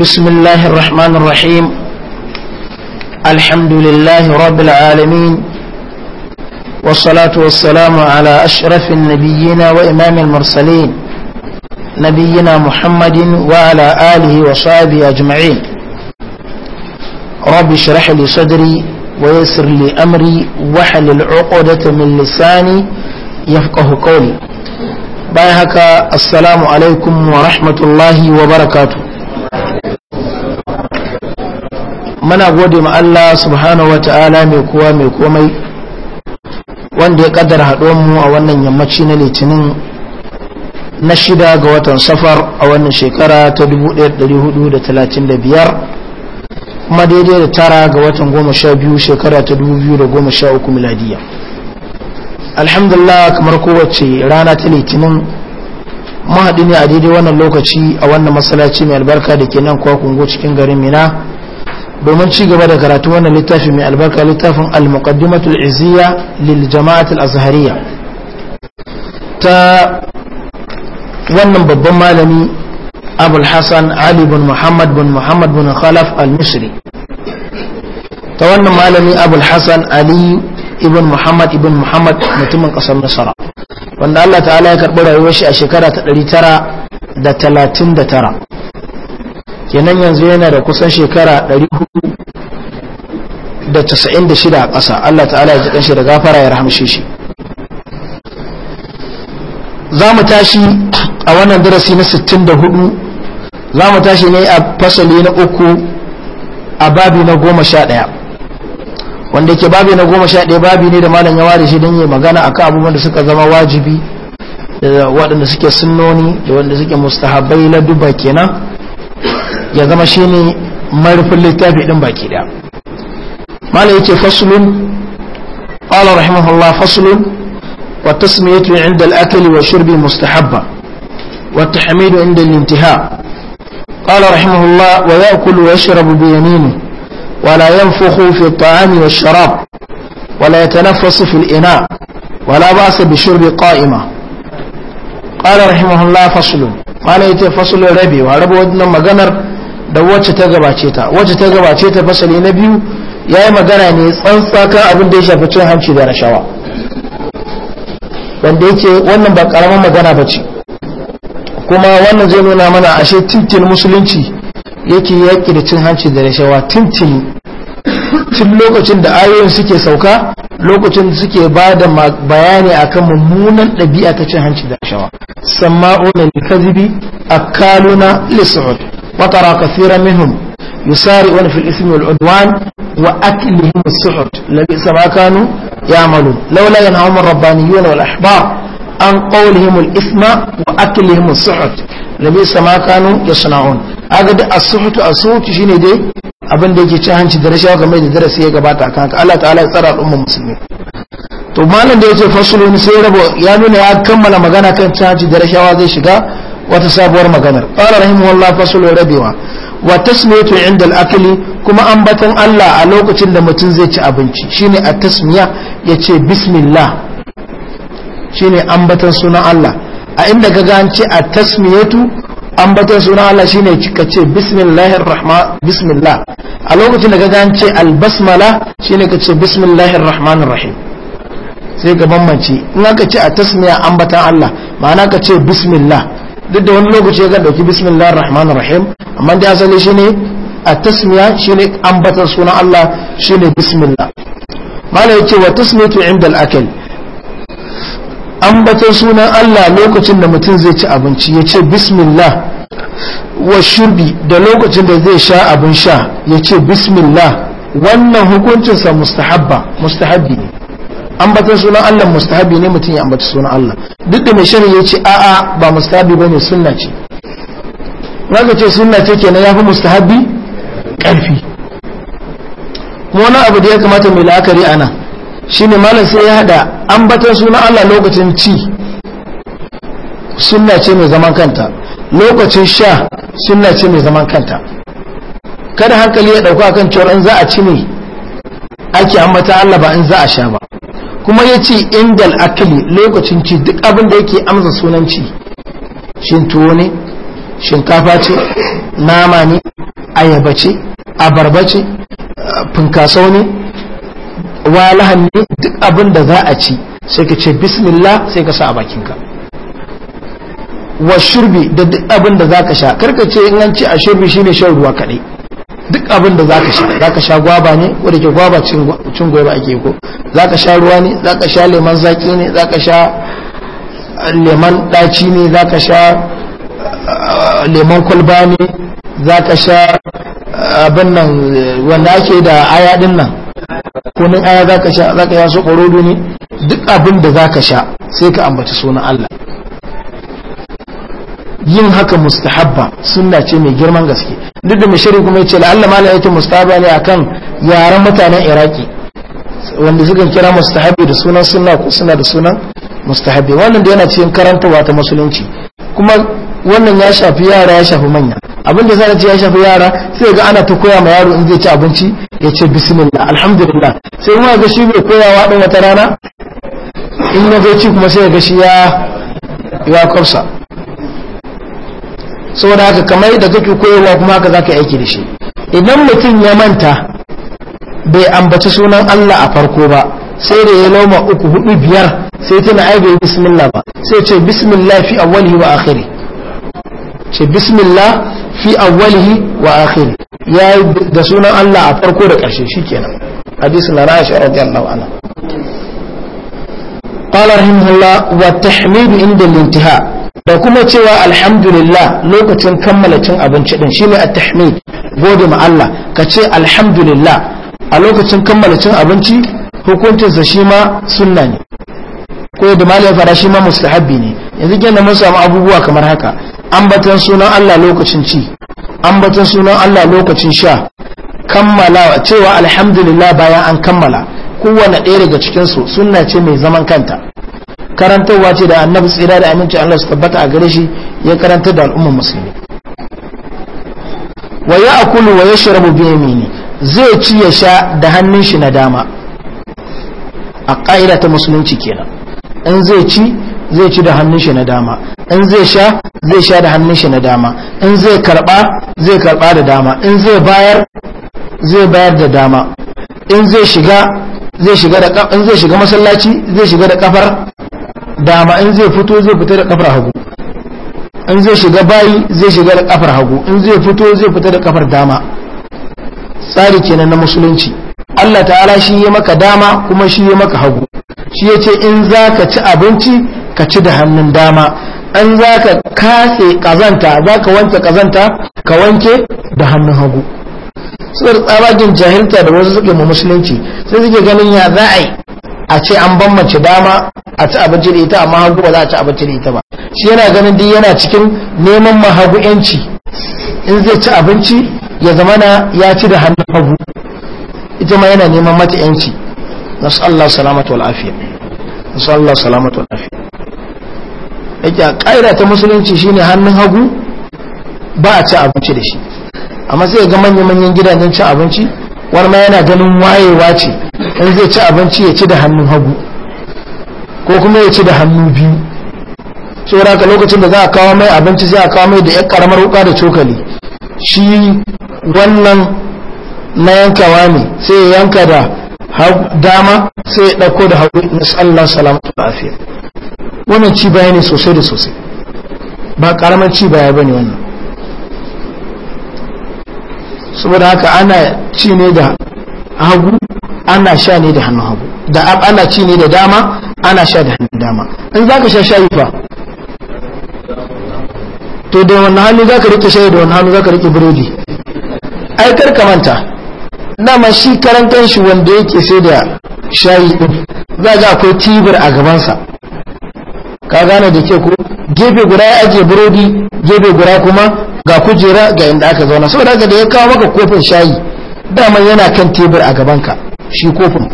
بسم الله الرحمن الرحيم الحمد لله رب العالمين والصلاة والسلام على أشرف النبيين وإمام المرسلين نبينا محمد وعلى آله وصحبه أجمعين رب اشرح لي صدري ويسر لي أمري وحل العقدة من لساني يفقه قولي بايهك السلام عليكم ورحمة الله وبركاته Mana gode ma Allah subhanahu ta'ala mai kowa mai komai wanda ya kaddara mu a wannan yammaci na litinin na shida ga watan safar a wannan shekara ta 1435 kuma daidai da tara ga watan goma sha biyu shekara ta 2013 miladiya alhamdulillah kamar kowace rana ta litinin mahaɗi ne a daidai wannan lokaci a wannan masalaci mai albarka da ke nan kwakungo cikin garin mina domin ci gaba da karatu wannan littafi mai albarka littafin al-muqaddimatul izziya lil jama'atul azhariya ta wannan babban malami abul hasan ali bin muhammad bin muhammad bin khalaf al-misri ta wannan malami abul hasan ali ibn muhammad ibn muhammad mutumin kasar nasara wanda allah ta'ala ya karɓi rayuwar shi a shekara ta 939 kenan yanzu yana da kusan shekara 496 a ƙasa Allah ta'ala ya ji kanshi da gafara ya rahamshe shi za mu tashi a wannan darasi na 64 za mu tashi ne a fasali na uku a babi na goma sha ɗaya wanda ke babi na goma sha ɗaya babi ne da malam ya ware shi don yi magana akan abubuwan da suka zama wajibi da waɗanda suke sunnoni da waɗanda suke mustahabai na duba kenan ya zama shi ne marufin littafi ɗin baki ɗaya mala yake fasulun ƙwalar rahimahullah fasulun wa tasmiyatu inda al'akali wa shurbi mustahabba wa tahmidu inda lintiha قال رحمه الله ويأكل ويشرب بيمينه ولا ينفخ في الطعام والشراب ولا يتنفس في الإناء ولا بأس بالشرب قائمة قال رحمه الله فصل قال يتي فصل ربي ورب ودنا maganar. da wacce ta gabace ta wacce ta gabace ta fasali na biyu ya yi magana ne tsantsakan abin da ya shafi cin hanci da rashawa wanda yake wannan ba karamin magana ba ce kuma wannan zai nuna mana ashe tintin musulunci yake yaƙi da cin hanci da rashawa tintin tun lokacin da ayoyin suke sauka lokacin da suke ba da bayani akan mummunan ɗabi'a ta cin hanci da rashawa kazibi a kaluna lissu'ud وترى كثيرا منهم يسارعون في الإثم والعدوان وأكلهم السحت لبئس ما كانوا يعملون لولا ينهاهم الربانيون والأحبار عن قولهم الإثم وأكلهم السحت لبئس ما كانوا يصنعون أقد السحت السحت شنو دي abin da yake ci hanci da rashawa game da darasi ya gabata akan haka Allah ta'ala ya tsara al'ummar musulmi to malam da yace fasulun sai rabo ya nuna ya kammala magana kan cin hanci da rashawa zai shiga wata sabuwar maganar qala rahimahullah fasl rabiwa wa tasmiyatu inda al-akli kuma ambaton Allah a lokacin da mutum zai ci abinci shine a tasmiya yace bismillah shine ambaton sunan Allah a inda ka ga an ce a tasmiyatu ambaton sunan Allah shine ka ce bismillahir rahman bismillah a lokacin da ka ga an ce al-basmala shine ce bismillahir rahmanir rahim sai ka bambance in aka ce a tasmiya ambatan Allah ma'ana ka ce bismillah duk da wani lokaci ya dauki bismillahir rahmanir rahim amma da asali shine a tasmiya shine ambatar sunan Allah shine bismillah mala yace wa tasmiyatu inda al ambatar sunan Allah lokacin da mutum zai ci abinci yace bismillah wa shurbi da lokacin da zai sha abin sha yace bismillah wannan hukuncinsa mustahabba mustahabbi ne ambatan sunan Allah mustahabi ne mutum ya ambaci sunan Allah duk da mai shari ya ce a'a ba mustahabi ne sunna ce wanda ce sunna ce ya fi mustahabi karfi kuma wani abu da ya kamata mai la'akari ana ne malam sai ya hada ambatan sunan Allah lokacin ci sunna ce mai zaman kanta lokacin sha sunna ce mai zaman kanta kada hankali ya dauka kan cewa in za a ci ne ake ambata Allah ba in za a sha ba kuma ya ce indal akili lokacin ci duk abin da yake amsa sunan ci shin tuwo ne shinkafa ce nama ne ayaba ce abarba ce finkasau ne walahan ne duk abin da za a ci sai ka ce bismillah sai ka sa a bakinka wa shirbi da duk abin da za ka sha karka ce in an ce a shurbi shine shan ruwa kaɗai duk abin da zaka sha zaka sha gwaba ne ko da ke gwaba cin gwaba ake ko zaka sha ruwa ne zaka sha leman zaki ne zaka sha leman daci ne zaka sha leman kwalba ne zaka sha abin nan wanda ake da aya din nan kunin aya zaka sha zaka sha su ne duk abin da zaka sha sai ka ambaci sunan Allah yin haka mustahabba sunna ce mai girman gaske duk da mashari kuma ya ce la'alla ma ya ce mustahabba ne akan yaren mutanen iraki wanda suka kira mustahabbi da sunan sunna ko suna da sunan mustahabbi wannan da yana cikin karanta wata musulunci kuma wannan ya shafi yara ya shafi manya abin da zai ce ya shafi yara sai ga ana ta koya ma yaro in zai ci abinci ya ce bismillah alhamdulillah sai kuma ga shi bai koyawa din wata rana in ya zo ci kuma sai ga shi ya ya kursa saboda haka kamar da kake koyarwa kuma haka zaka aiki da shi idan mutum ya manta bai ambaci sunan Allah a farko ba sai da ya lauma uku hudu biyar sai tana ai bai bismillah ba sai ce bismillah fi awwalihi wa akhiri ce bismillah fi awwalihi wa akhiri ya da sunan Allah a farko da ƙarshe shikenan hadisi na Aisha radiyallahu anha قال رحمه الله والتحميد عند الانتهاء da kuma cewa alhamdulillah lokacin kammala cin abinci din shine at-tahmid gode ma Allah ka ce alhamdulillah a lokacin kammala cin abinci hukuncinsa sa shima sunna ne ko da malai fara shi ma mustahabbi ne yanzu kenan mun samu abubuwa kamar haka ambaton sunan Allah lokacin ci ambaton sunan Allah lokacin sha kammala cewa alhamdulillah bayan an kammala kowane ɗaya daga cikin su sunna ce mai zaman kanta karantarwa ce da annabi tsira da aminci Allah su tabbata a gare shi ya karanta da al'ummar musulmi wa ya akulu wa ya shirabu bi zai ci ya sha da hannun shi na dama a ƙa'ida ta musulunci kenan in zai ci zai ci da hannun shi na dama in zai sha zai sha da hannun shi na dama in zai karba zai karba da dama in zai bayar zai bayar da dama in zai shiga zai shiga da in zai shiga masallaci zai shiga da kafar dama in zai fito zai fita da kafar hagu in zai shiga bayi zai shiga da kafar hagu in zai fito zai fita da kafar dama tsari kenan na musulunci Allah ta'ala shi ya maka dama kuma shi ya maka hagu shi ya ce in za ka ci abinci ka ci da hannun dama an za ka kase kazanta za ka wanke kazanta ka wanke da hannun hagu da tsabagen jahilta da wasu suke mu musulunci sai suke ganin ya za a yi a ce an bambance dama a ci abinci da ita amma hagu ba za a ci abinci da ita ba shi yana ganin duk yana cikin neman mahagu yanci in zai ci abinci ya zama na ya ci da hannun hagu ita ma yana neman mata yanci nasu Allah salamatu al'afiya na nasu Allah salamatu al'afiya yake a ƙa'ida ta musulunci shine hannun hagu ba a ci abinci da shi amma sai ga manya-manyan gidajen ci abinci wani ma yana ganin wayewa ce in zai ci abinci ya ci da hannun hagu ko kuma ya ci da hannu biyu saboda ka lokacin da za a kawo mai abinci sai a kawo mai da 'yan karamar wuka da cokali shi wannan na yankawa ne sai ya yanka da dama sai ya ɗauko da hagu na sallan salamatu lafiya wannan ci baya ne sosai da sosai ba karamar ci baya ba ne wannan saboda haka ana ci ne da hagu ana sha ne da hannun hagu da ana ci ne da dama ana sha da hannun dama in za ka sha shayi fa to da wani hannu za ka rike shayi da wani hannu za ka rike burodi ai kar ka manta dama shi karan shi wanda yake sai da shayi din za ga akwai tibir a gabansa ka gane da ke ko gefe guda ya ajiye burodi gefe guda kuma ga kujera ga inda aka zauna saboda haka da ya kawo maka kofin shayi dama yana kan tebur a gabanka shi kofin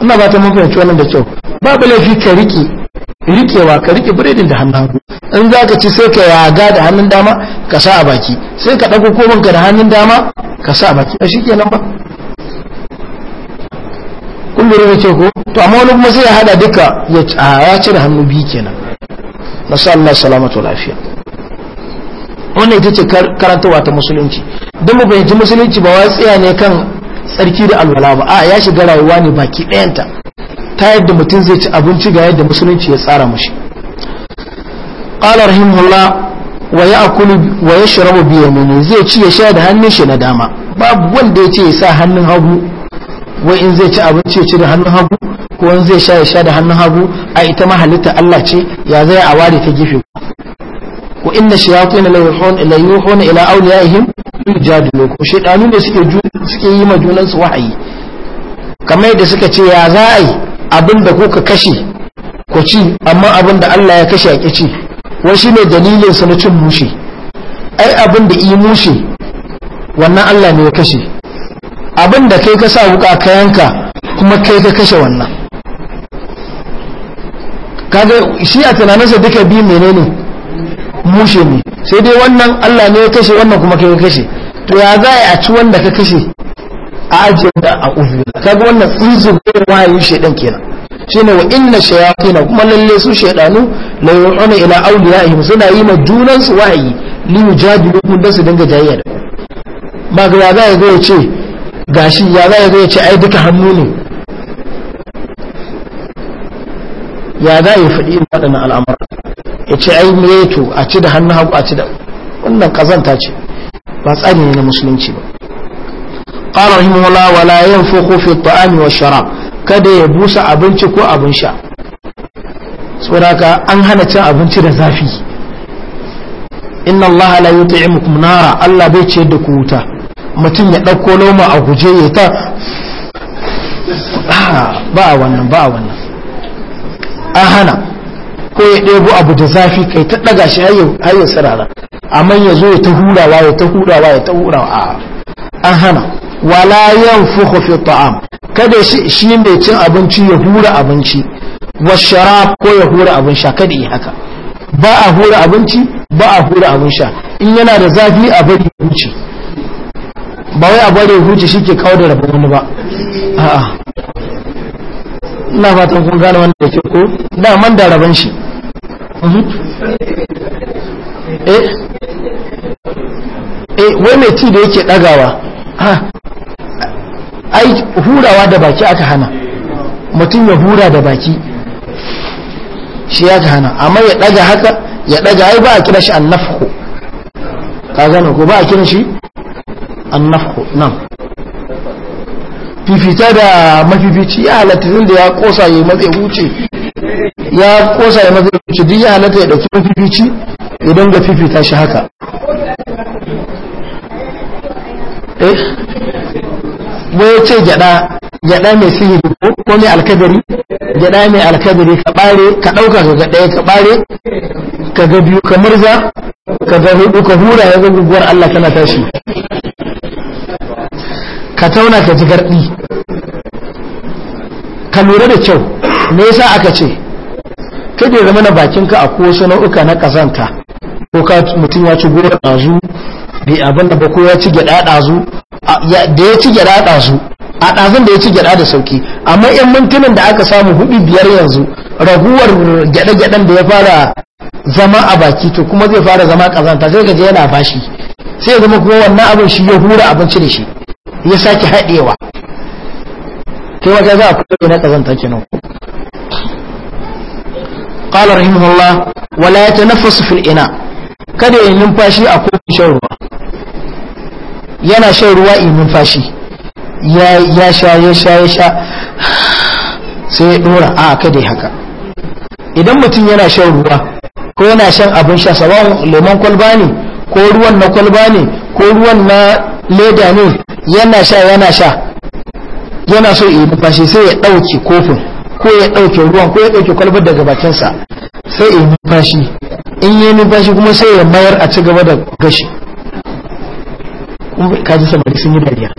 ina ba ta mun fahimci wannan da kyau babu laifi ka rike rikewa ka rike biredin da hannun hagu in za ka ci sai ka yaga da hannun dama ka sa a baki sai ka ɗago kofin ka da hannun dama ka sa a baki a shi nan ba kun lura da ko to amma wani kuma sai ya hada duka ya ci da hannu biyu kenan sa Allah salamatu lafiya wannan ita ce karantarwa ta musulunci don mu fahimci musulunci ba wai tsaya ne kan tsarki da alwala ba a ya shiga rayuwa ne baki ɗayanta ta yadda mutum zai ci abinci ga yadda musulunci ya tsara mushi qala rahimahullah wa ya'kulu wa yashrabu bi yamini zai ci ya sha da hannun shi na dama babu wanda ya ce ya sa hannun hagu wai in zai ci abinci ya ci da hannun hagu ko in zai sha ya sha da hannun hagu a ita ma halitta Allah ce ya zai a ware ta gefe wa inna shayatin la yuhuna ila awliyaihim yujadilukum shaytanu ne suke suke yi ma junan su wahayi kamar yadda suka ce ya za a yi abin da kuka kashe ku ci amma abinda Allah ya kashe a ci wai shi ne dalilin sa na cin mushi, ai abinda da yi mushe wannan Allah ne ya kashe abinda kai ka sa wuka ka yanka kuma kai ka kashe wannan kaga shi a tunaninsa duka biyu menene mushe ne sai dai wannan Allah ne ya kashe wannan kuma kai ka kashe to ya za a ci wanda ka kashe a ajiyar da a ta ga wannan tsinsu gurin wahayin shaiɗan kenan ne wa inna na kuma lalle su na yi wani ila awliyaihim suna yi ma junan su liyu li yujadilukum da su dinga jayayya da ba ga ya za ya ce gashi ya za ya ce ai duka hannu ne ya za ya faɗi irin waɗannan al'amura ya ce ai me to a ci da hannun hagu a ci da wannan kazanta ce ba tsari ne na musulunci ba ƙarar himola wala yanfuqu fi taami wa shara kada ya busa abinci ko abin sha saboda an hana cin abinci da zafi inna allaha la yut'imukum nara allah bai ce da ku wuta mutum ya dauko lauma a guje ya ta ah, ba wannan ba wannan an hana ko ya ɗebo abu da zafi kai ta ɗaga shi har ya amma ya zo ya ta hurawa ya ta hurawa ya ta hurawa a an hana wala yan fuhu fi ta'am kada shi shi mai cin abinci ya hura abinci wa sharab ko ya hura abin sha kada yi haka ba a hura abinci ba a hura abin sha in yana da zafi a bari ya huce ba wai a bari ya huce shi ke kawo da rabu wani ba a'a ina fatan kun gane wanda yake ko da man da raban shi mhm. eh eh wai mai ci da yake dagawa ha ai hurawa da baki aka hana mutum ya hura da baki shi ya hana amma ya daga haka ya daga ai ba a kira shi annafhu ka gane ko ba a kira shi annafhu nan fifita da mafifici ya halatta tun da ya kosa ya matsa ya huce ya kosa ya matsa ya huce duk ya halatta ya dauki mafifici idan ga fifita shi haka eh wai ce gyada gyada mai sihiri ko mai alkadari gyada mai alkadari ka bare ka dauka ka ga daya ka bare ka ga biyu ka murza ka ga hudu ka hura ya ga guguwar Allah tana tashi ka tauna ka ji gardi ka lura da kyau me yasa aka ce kada ya zama na bakinka a ko wasu nau'uka na kazanta ko ka mutum ya ci gora ɗazu bai abin da ba ko ya ci gyaɗa ɗazu da ya ci gyaɗa ɗazu a dazun da ya ci da sauki amma yan mintunan da aka samu hudu biyar yanzu raguwar gyaɗe-gyaɗen da ya fara zama a baki to kuma zai fara zama kazanta sai je yana bashi sai ya zama kuma wannan abin shi ya hura abinci da shi ya sake haɗewa kai wata za a kuɗe na ƙazanta kenan قال رحمه الله ولا يتنفس في ina? kada ya numfashi a kofin shan ruwa yana shan ruwa in numfashi ya sha ya sha ya sha sai ya dora a kada yi haka idan mutum yana shan ruwa ko yana shan abin sha Sabon lemon kwalba ne ko ruwan na kwalba ne ko ruwan na leda ne yana sha yana sha yana so yi numfashi sai ya ɗauki kofin ko ya ɗauke ruwan ko ya ɗauke kwalbar daga bakinsa sai yi numfashi in yi numfashi kuma sai ya mayar a ci gaba da gashi kaji samari sun yi dariya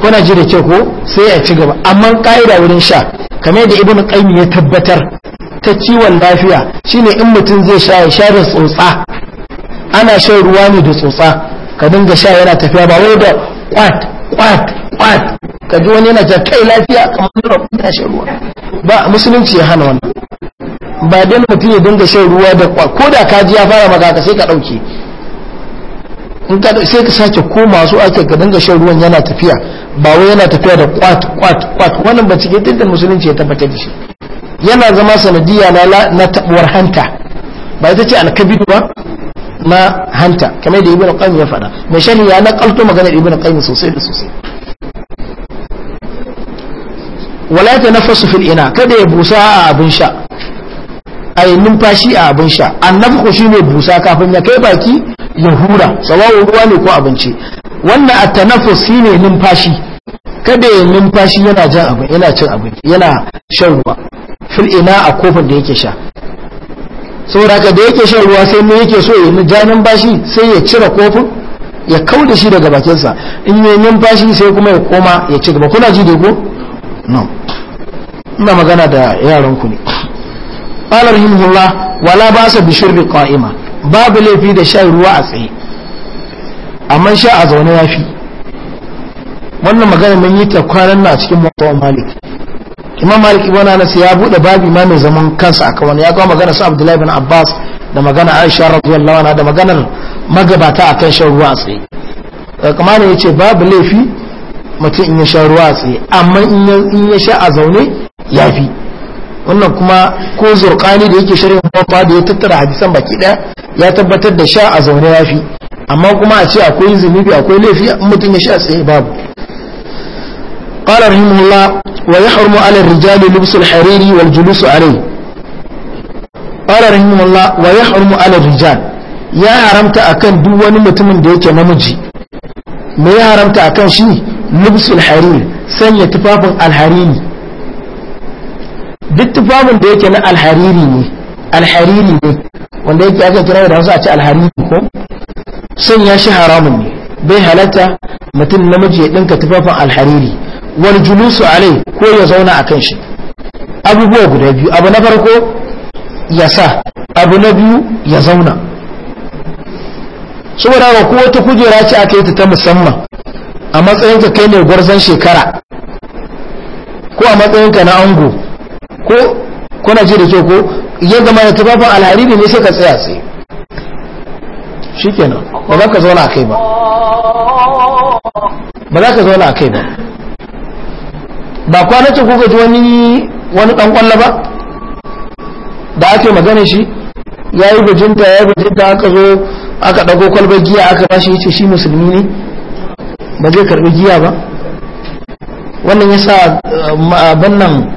kuna ji da kyau ko sai a ci gaba amma ƙa'ida wurin sha kamar da ibn qayyim ya tabbatar ta kiwon lafiya shine in mutum zai sha ya sha da tsotsa ana shan ruwa ne da tsotsa ka dinga sha yana tafiya ba wai da kwat kwat kwat ka ji wani yana ta kai lafiya kamar rabu ta shan ruwa ba musulunci ya hana wannan ba dai mutum ya dinga shan ruwa da kwat ko da ka ji ya fara maka ka sai ka dauke in ka sai ka sake koma su ake ka dinga shan ruwan yana tafiya ba wai yana tafiya da kwat kwat kwat wannan ba cike da musulunci ya tabbatar da shi yana zama sanadiyya na na tabuwar hanta ba ita ce alkabiru ba ma hanta kamar da ibn qayyim ya faɗa mai sharhi ya nakalto magana ibn qayyim sosai da sosai wala tanaffasu fil ina kada ya busa a abin sha ai numfashi a abin sha shi shine busa kafin ya kai baki ya hura sawawo ruwa ne ko abinci wannan at-tanaffus shine numfashi kada ya numfashi yana jan abin yana cin abin yana shan ruwa fil ina a kofin da yake sha saboda haka da yake shan ruwa sai mu yake so ya janin bashi sai ya cire kofin ya kau shi daga bakinsa in yi numfashi sai kuma ya koma ya ci gaba kuna ji da ko no ina magana da yaran ku ne qala rahimahullah wala basa bi da qa'ima babu laifi da shan ruwa a tsaye amma sha a zaune yafi wannan magana mun yi ta kwanan na cikin mawdu malik imam malik ibn anas ya bude babi ma mai zaman kansa akan wani ya kawo magana sa abdullahi bin abbas da magana aisha radiyallahu anha da maganar magabata akan shan ruwa a tsaye eh, kamar yace babu laifi mutum in ya sha ruwa a tsaye amma in ya sha a zaune yafi wannan kuma ko zurqani da yake shirin mawafa da ya tattara hadisan baki daya ya tabbatar da sha a zaune yafi amma kuma a ce akwai zunubi akwai laifi mutum ya sha a tsaye babu قال رحمه الله ويحرم على الرجال لبس الحرير والجلوس عليه قال رحمه الله ويحرم على الرجال ya haramta akan duk wani mutumin da yake namiji Ma ya haramta akan shi lubsul harir sanya tufafin alhariri duk tufafin da yake na alhariri ne wanda yake aka kira da wasu a ce ko sanya shi haramun ne bai halatta mutum namiji ya dinka tufafin alhariri wal julusu alai ko ya zauna akan shi abubuwa guda biyu abu na farko ya sa abu na biyu ya zauna saboda ga ko wata kujera ce aka yi ta ta musamman a matsayin kai ne gwarzon shekara ko a matsayin na ango ko kuna ji da ke ko yadda zama da tufafin alhariri ne sai ka tsaya tsaye shikenan ba za ka zauna a kai ba ba za ka zauna a kai ba ba kwanacin kuka ji wani wani dan kwallo ba da ake magana shi ya yi bajinta ya yi bajinta aka zo aka dago kwalbar giya aka ba bashi yace shi musulmi ne ba zai karbi giya ba wannan ya sa nan.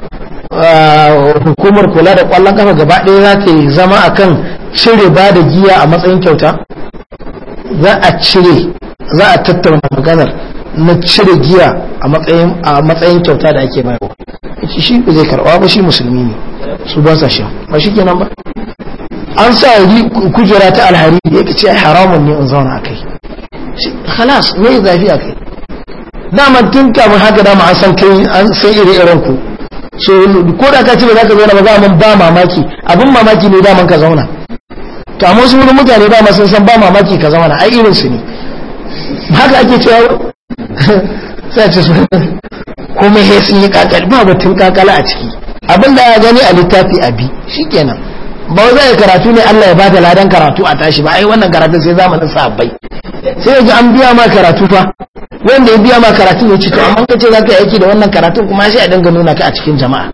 hukumar kula da kwallon kafa gaba ɗaya za ta yi zama kan cire ba da giya a matsayin kyauta za a cire za a tattauna maganar na cire giya a matsayin kyauta da ake bayarwa shi zai karɓa ba shi musulmi ne su ba sa sha ba shi kenan ba an sa kujera ta alhari da yake ce haramun ne in zauna a kai halas me zafi a kai dama tun kamun haka dama an san kai an san iri irin ku so ko da ka ce ba za ka zauna ba za man ba mamaki abin mamaki ne daman ka zauna to amma su wurin mutane ba sun san ba mamaki ka zauna ai irin su ne ka ake cewa sai ce su kuma sai sun yi ba batun kakala a ciki abin da ya gani a littafi a bi kenan ba wa zai karatu ne Allah ya ba ta ladan karatu a tashi ba ai wannan karatu sai zamanin sabai sai ya ji an biya ma karatu fa wanda ya biya ma karatu ya ci to amma ce za ka yi aiki da wannan karatu kuma sai a dinga nuna ka a cikin jama'a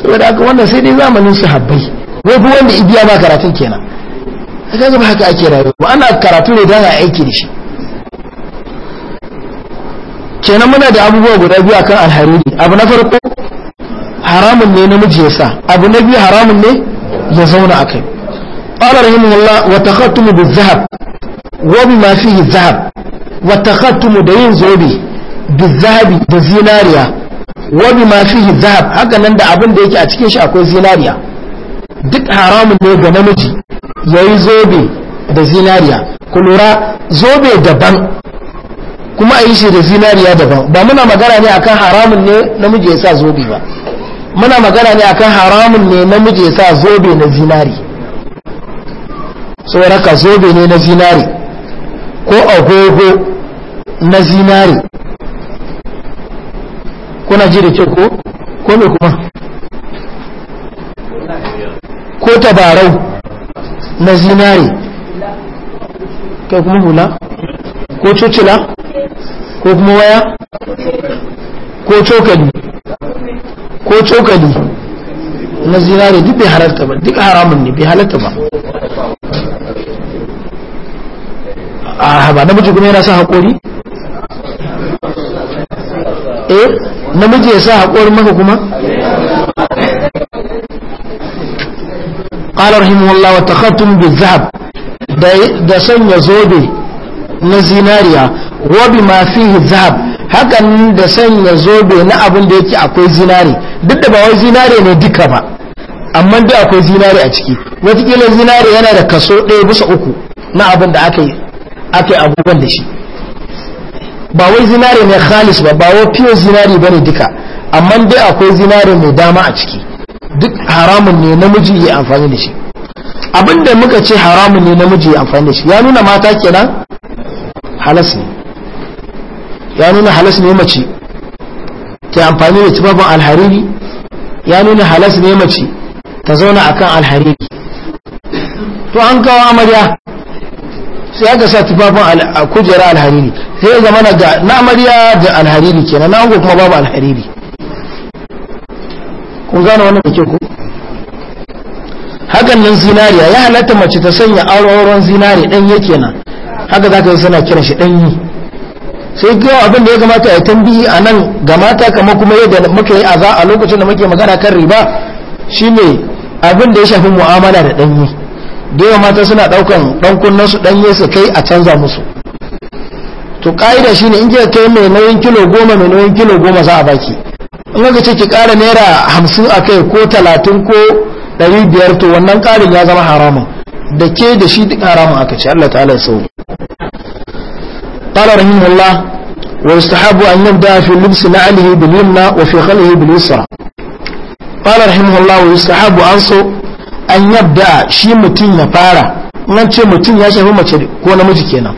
saboda haka wannan sai dai zamanin su sahabbai wai bu wanda ya biya ma karatun kenan kaga ba haka ake rayuwa ana karatu ne don a aiki da shi kenan muna da abubuwa guda biyu akan alhariri abu na farko haramun ne namiji ya sa abu na biyu haramun ne ya zauna a kai قال رحمه الله takhattumu بالذهب wabi ma fihi zahab wa takhattumu da yin zobe bizahabi da zinariya wabi ma fihi zahab haka nan da abin da yake a cikin shi akwai zinariya duk haramun ne ga namiji ya yi zobe da zinariya ku lura zobe daban kuma a yi shi da zinariya daban ba muna magana ne akan haramun ne namiji ya sa zobe ba muna magana ne akan haramun ne namiji ya sa zobe na zinari tsoraka zobe ne na zinari ko agogo na zinare kuna ji da kyau ko ko me kuma ko tabarau na zinare kai kuma hula ko cocila ko kuma waya ko cokali ko cokali na zinare duk bai halarta ba duk haramun ne bai halarta ba a ba namiji kuma yana sa haƙori eh namiji ya sa haƙorin maka kuma ƙalar himmullah wa takhattun bi zahab da sanya zobe na zinariya wabi ma fi zahab hakan da sanya zobe na abin da yake akwai zinari duk da ba wai zinari ne duka ba amma da akwai zinari a ciki wataƙila zinari yana da kaso ɗaya bisa uku na abin da aka yi ake abubuwan da shi ba wai zinare mai khalis ba ba wai fiye zinare ba ne duka amma dai akwai zinare mai dama a ciki duk haramun ne namiji ya amfani da shi abinda muka ce haramun ne namiji ya amfani da shi ya nuna mata kenan halas ne ya nuna halas ne mace ta amfani da tubabin alhariri ya nuna halas ne mace ta zauna akan alhariri to an kawo amarya sai aka sa tufafin a kujera alhariri sai ya zama ga namariya da alhariri kenan na kuma babu alhariri kun gane wannan da ke ku hakan nan zinariya ya halatta mace ta sanya auren zinari ke kenan haka za ka yi suna kiran shi dan yi. sai kawo abin da ya kamata ya tambiyi a nan ga mata kama kuma yadda muka yi aza a lokacin da muke magana kan riba shine abin da ya shafi mu'amala da ɗanyi dewa mata suna daukan dan kunnen su danye su kai a canza musu to ka'ida shine in kika kai mai nauyin kilo goma mai nauyin kilo goma za a baki in ga ce ki kara naira hamsin a kai ko talatin ko ɗari biyar to wannan ƙarin ya zama haramun da ke da shi duk haramun aka ce Allah ta'ala ya sauri an رحمه fi ويستحب أن bil yumna wa fi khalihi bil yusra باليسرى قال رحمه الله an so. an yadda shi mutum ya fara nan ce mutum ya shafi mace ko namiji kenan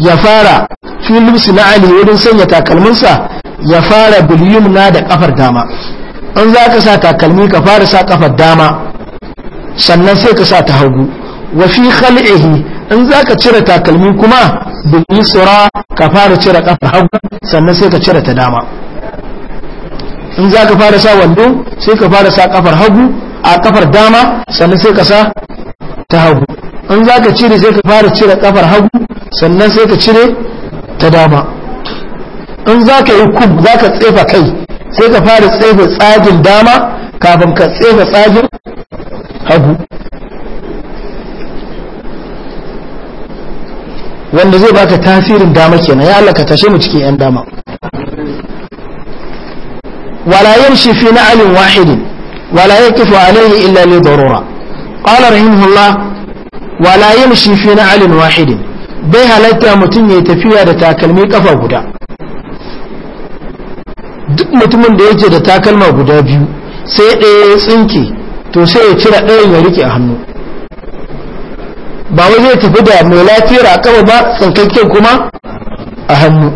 ya fara filin na ali wurin sanya takalminsa ya fara biliyum na da kafar dama in za ka sa takalmi ka fara sa kafar dama sannan sai ka sa ta hagu wa fi khal'ihi in za ka cire takalmi kuma bil yusra ka fara cire kafar hagu sannan sai ka cire ta dama in za ka fara sa wando sai ka fara sa kafar hagu a kafar dama sannan sai ka ta hagu in za ka cire sai ka fara cire kafar hagu sannan sai ka cire ta dama in za ka yi kub za ka tsefa kai sai ka fara tsefa tsagin dama kafin ka tsefa tsagin hagu wanda zai baka tasirin dama kenan ya Allah ka tashe mu cikin yan dama wala yamshi fi na'alin wahidin ولا يقف عليه إلا لضرورة قال رحمه الله ولا يمشي في نعل واحد بها لتا متن يتفيا دا تاكلمي كفا غدا duk mutumin da yake da takalma guda biyu sai ɗaya ya tsinke to sai ya cira ɗayan ya rike a hannu ba wai zai tafi da mai lafiyar a kaba ba tsinkakken kuma a hannu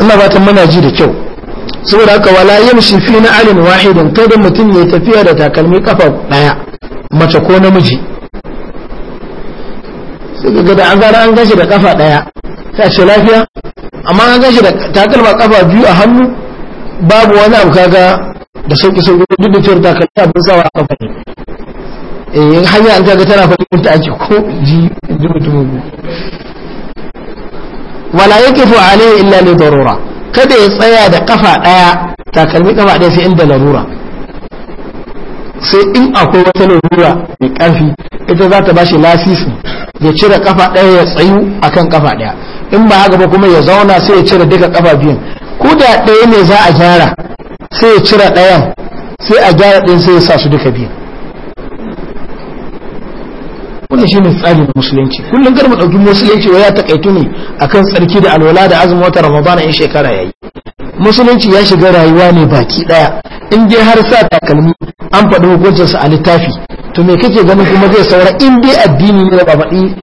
ina ba ta mana ji da kyau saboda haka wala yamshi fi na'alin wahidin kada mutum ya tafiya da takalmi kafa daya mace ko namiji sai ga da an gara an gashi da kafa daya ta ce lafiya amma an gashi da takalma kafa biyu a hannu babu wani abu kaga da sauki sauki duk da cewa takalmi abin sawa a kafa ne eh hanya an kaga tana fadin ta ake ko ji ji mutum wala yakifu alai illa ne darura kada ya tsaya da kafa daya takalmi kafa daya sai inda larura sai in akwai wata larura mai karfi ita za ta bashi lasisi ya cire kafa daya ya tsayu akan kafa daya in ba haka ba kuma ya zauna sai ya cire duka kafa biyun ko da ɗaya ne za a gyara sai ya cire ɗayan sai a gyara ɗin sai ya sa su duka biyun wannan shine tsari tsarin musulunci kullum kar mu dauki musulunci waya taƙaitu ne a kan tsarki da alwala da azumin wata ramadana in shekara yayi musulunci ya shiga rayuwa ne baki ɗaya in dai har sa takalmi an faɗi hukuncinsa a littafi to me kake ganin kuma zai saura in dai addini ne ba faɗi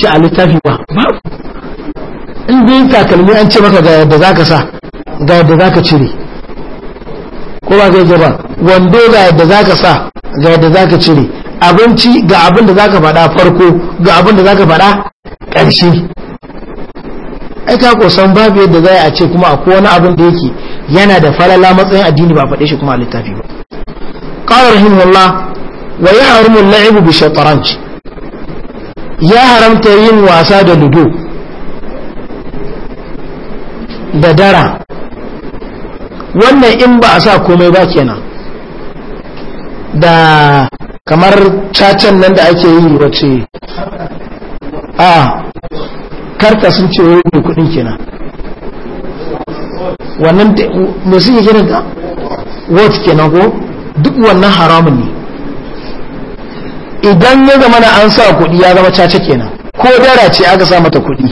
shi a littafi ba in dai takalmi an ce maka ga yadda zaka sa ga yadda zaka cire ko ba zai ba wando ga yadda zaka sa ga yadda zaka cire abinci ga abin da za ka faɗa farko ga abin da za ka faɗa ƙarshe ai ka babu yadda za a ce kuma akwai wani abin da yake yana da falala matsayin addini ba faɗe shi kuma a littafi ba qala rahimullah wa ya al la'ibu bi shatranj ya haramta yin wasa da ludo da dara wannan in ba a sa komai ba kenan da kamar cacen nan da ake yi ba ce a karka sun ce wani mai kudin kenan wannan me yi gina da wat kenan ko duk wannan haramun ne idan ya zama na an sa kudi ya zama caca kenan ko dara ce aka sa mata kudi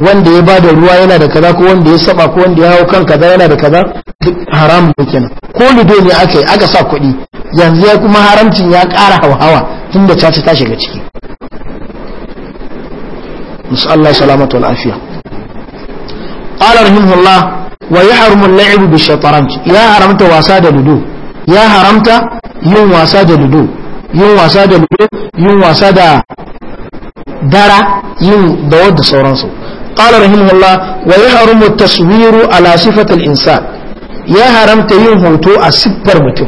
wanda ya bada ruwa yana da kaza ko wanda ya saba ko wanda ya hau kan kaza yana da kaza duk haram ne kenan ko ludo ne aka yi aka sa kuɗi yanzu ya kuma haramcin ya ƙara hauhawa tunda caca ta shiga ciki musu Allah salamatu wal afiya qala rahimahullah wa yahrumu al-la'ib bi shataranj ya haramta wasa da ludo ya haramta yin wasa da ludo yin wasa da ludo yin wasa da dara yin da wadda sauransu قال رحمه الله ويحرم التصوير على صفة الإنسان يا حرمت يهوتو أسفر متو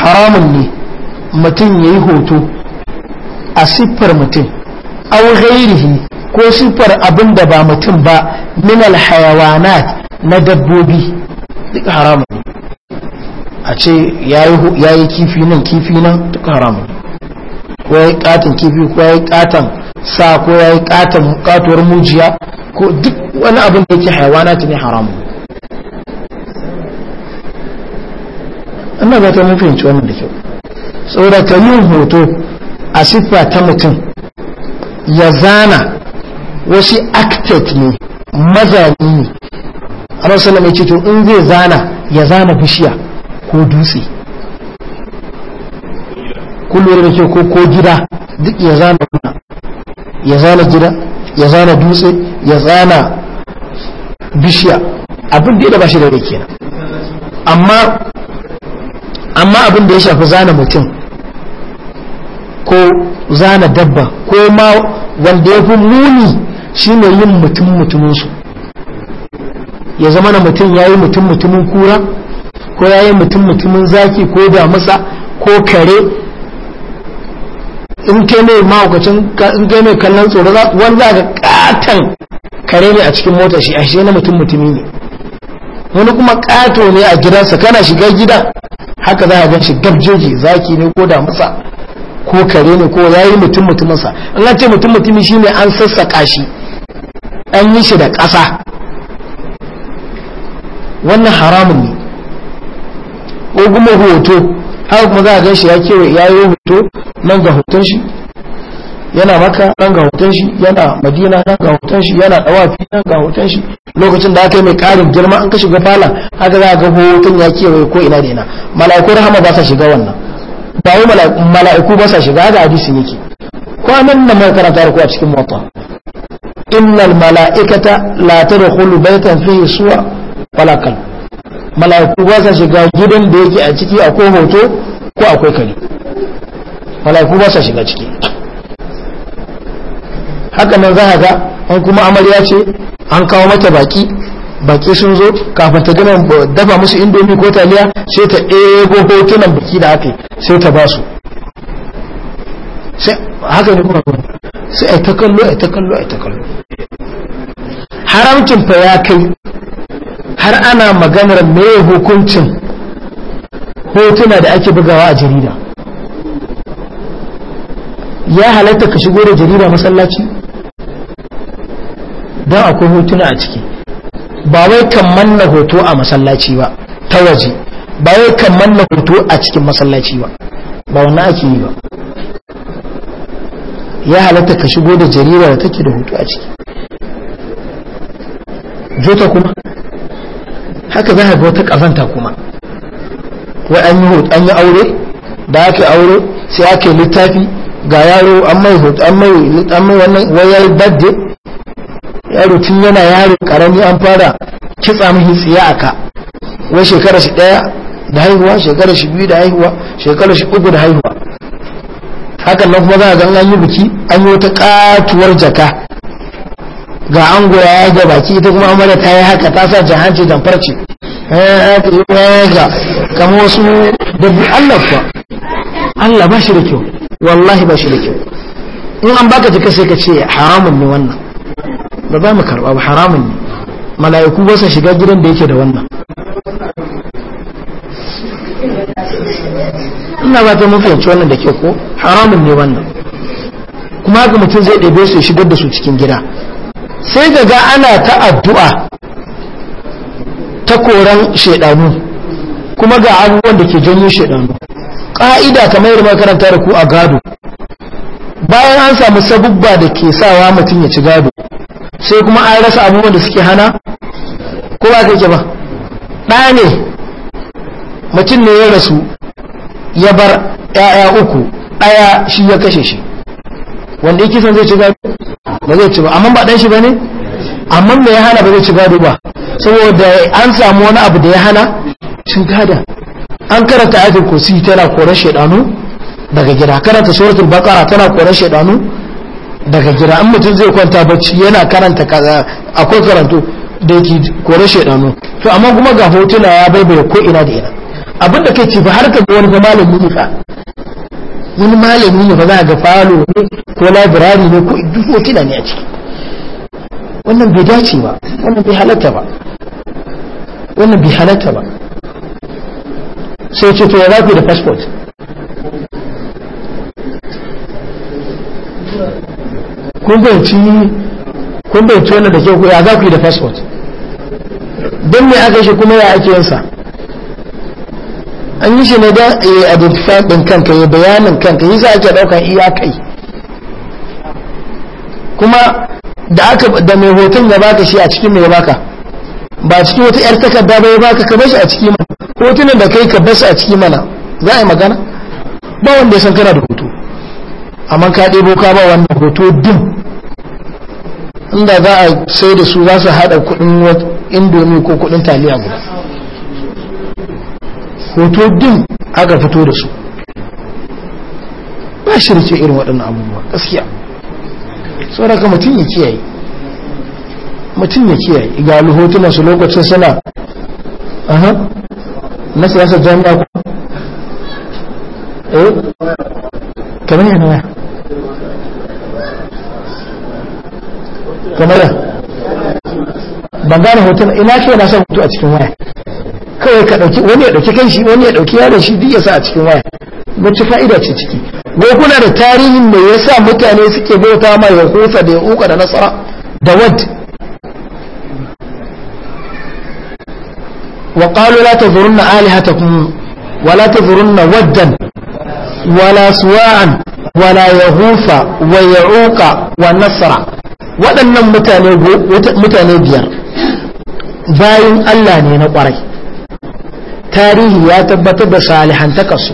حرام لي متن يهوتو أسفر متن أو غيره ko siffar abin da ba mutum ba min alhayawanat na dabbobi duk haramun a ce ya yi kifi nan kifi nan duk sa ko ya yi katuwar mujiya ko duk wani abin da yake haiwana ta ne haramu ina ba ta mun fahimci wannan da kyau saboda ka yin hoto a siffa ta mutum ya zana wasu aktet ne mazani ne a rasulun mai in zai zana ya zana bishiya ko dutse kullum da ke ko gida duk ya zana ya zana gida ya zana dutse ya zana bishiya abin da ba shi da kenan amma amma abin da ya shafi zana mutum ko zana dabba ko ma wanda ya fi muni shine yin mutum mutuminsu ya zama na mutum ya yi mutum mutumin kura ko ya yi mutum mutumin zaki ko damusa ko kare in kai mai mahaukacin in kai mai kallon tsoro wani za ka katon kare ne a cikin mota shi ashe na mutum mutumi ne wani kuma kato ne a gidansa kana shiga gida haka za a ganshi shi gabjoji zaki ne ko da masa ko kare ne ko ya yi mutum mutuminsa in an ce mutum mutumi shi ne an sassaka shi an yi shi da ƙasa wannan haramun ne ko kuma hoto haka kuma za a ganshi ya kewa ya yi hoto nan ga hoton shi yana maka nan ga hoton shi yana madina nan ga hoton shi yana dawafi nan ga hoton shi lokacin da aka yi mai karin girma an ka shiga fala haka za a ga hoton ya kewaye ko ina da ina mala'iku rahama ba sa shiga wannan ba wai mala'iku ba sa shiga haka hadisi yake kwanan nan mai karanta da ku a cikin mota innal mala'ikata la tadkhulu baytan fihi suwa wala kalb mala'iku ba sa shiga gidan da yake a ciki akwai hoto ko akwai kare mala'iku ba sa shiga ciki haka nan za ga an kuma amarya ce an kawo mata baki baki sun zo kafin ta gina dafa musu indomi ko taliya sai ta ego hotunan baki da aka sai ta ba su haka ne kuma sai a ta kallo a ta kallo a ta kallo haramcin fa ya kai har ana maganar mai hukuncin hotuna da ake bugawa a jarida ya halatta ka shigo da jarida masallaci don akwai hotuna a ciki ba wai kan manna hoto a masallaci ba ta waje ba wai kan manna hoto a cikin masallaci ba ba wani ake yi ba ya halatta ka shigo da jarida da take da hoto a ciki jota kuma haka za a ga wata kazanta kuma wai an yi aure da ake aure sai ake littafi ga yaro an mai hoto an mai wannan wayar badde yaro tun yana yaro karami an fara kitsa mahi tsiya a ka wai shekara shi daya da haihuwa shekara shi biyu da haihuwa shekara shi uku da haihuwa hakan nan kuma za a ga an yi biki an yi wata katuwar jaka ga an goya ya ga baki ita kuma amma ta yi haka ta sa jahanci damfarci eh, eh, ga kamar wasu dabbi allah fa allah ba shi da kyau wallahi ba shi da kyau in an baka jika sai ka ce haramun ne wannan ba za mu karba ba haramun ne mala'iku ba su shiga gidan da yake da wannan ina ba ta mafiyanci wannan da ke ko haramun ne wannan kuma haka mutum zai ɗebe su shigar da su cikin gida sai daga ana ta addu'a ta koran shaidanu kuma ga abubuwan da ke janyo shaidanu ƙa'ida kamar yadda makaranta da ku a gado bayan an samu sabubba da ke sawa mutum ya ci gado sai kuma an rasa abubuwan da suke hana ko ba kake ba ɗa ne mutum ne ya rasu ya bar 'ya'ya uku ɗaya shi ya kashe shi wanda yake son zai ci gado ba zai ci ba amma ba dan shi bane amma me ya hana ba zai ci gado ba saboda an samu wani abu da ya hana ci gada an karanta ayatul kursi tana koran shedanu daga gida karanta suratul baqara tana koran shedanu daga gida An mutum zai kwanta bacci yana karanta akwai karanto da yake koran shedanu to amma kuma ga hotuna ya baibaye ko ina da ina abin da kai ci ba har ka ga wani malamin ne fa wani malami ne ba za ga falo ne ko labirari ne ko duk hotuna ne a ciki wannan bai dace ba wannan bai halatta ba wannan bai halatta ba sai ce to ya zafi da passport kun bayanci kun bayanci wannan da ke ya zafi da passport don me aka shi kuma ya ake yansa an yi shi ne da a yi identify ɗin kanka ya bayanin kanka yi za ke ɗaukar iyakai kuma da aka da mai hoton ya baka shi a cikin mai baka ba cikin wata yar takarda ba ya baka ka bashi a ciki mana hotunan da kai ka bashi a ciki mana za a yi magana ba wanda ya san kana da hoto amma ka ɗebo ka ba wanda hoto din inda za a sai da su za su haɗa kuɗin indomi ko kuɗin taliya guda hoto din aka fito da su ba shi rike irin waɗannan abubuwa gaskiya ka mutum ya kiyaye mutum ya kiyaye ga hotuna su lokacin suna aha na siyasar jami'a ku eh kamar yana kamar ban gane hotuna ina ke na sa hoto a cikin waya kawai ka ɗauki wani ya dauki kanshi wani ya ɗauki yaron shi duk ya sa a cikin waya wacce fa'ida ce ciki ko kuna da tarihin me yasa mutane suke bauta mai yahusa da uka da nasara da wad wa qalu la tazurunna alihatakum wa la tazurunna waddan wala suwa'an wala yahufa wa ya'uqa wa nasara waɗannan mutane biyar bayin Allah ne na ƙwarai tarihi ya tabbatar da salihantakarsu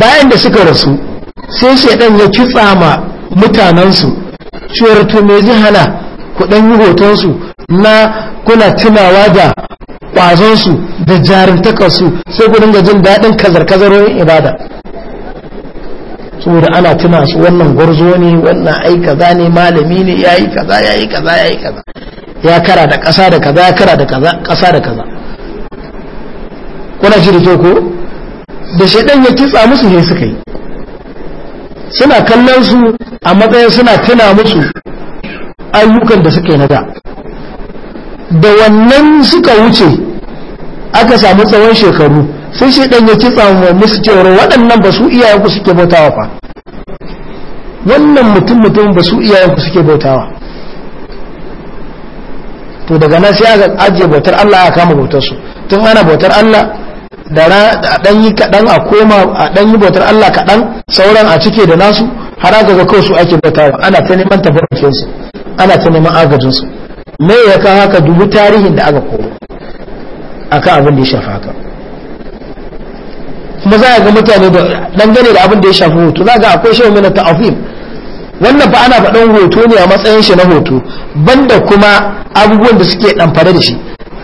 bayan da suka rasu sai shaidan ya kitsa ma mutanensu cewar to me hana ku dan yi hotonsu na kuna tunawa da kwazonsu da jarintakarsu sai ku dinga jin daɗin kazar-kazarorin ibada saboda ana tuna su wannan gwarzo ne wannan ai kaza ne malami ne ya yi kaza ya yi kaza ya yi kaza ya kara da ƙasa da kaza ya kara da kaza ƙasa da kaza kuna shi da kyau ko da shaidan ya kitsa musu ne suka yi suna kallon su a matsayin suna tuna musu ayyukan da suka yi na da da wannan suka wuce aka samu tsawon shekaru sai shaidan ya kitsa wa musu cewar waɗannan ba su iyayenku suke bautawa fa wannan mutum mutum ba su iyayenku suke bautawa to daga nan sai aka ajiye bautar Allah ya kama bautar su tun ana bautar Allah da a dan yi kadan a koma a dan yi bautar Allah kadan sauran a cike da nasu har aka ga kawai su ake bautawa ana ta neman tabarkin su ana ta neman agajin su me ya ka haka dubu tarihin da aka koro akan abin da ya shafa haka kuma za a ga mutane da dangane da abin da ya shafi hoto za ga akwai shehu mina ta'afim wannan ba ana faɗan hoto ne a matsayin shi na hoto banda kuma abubuwan da suke ɗamfare da shi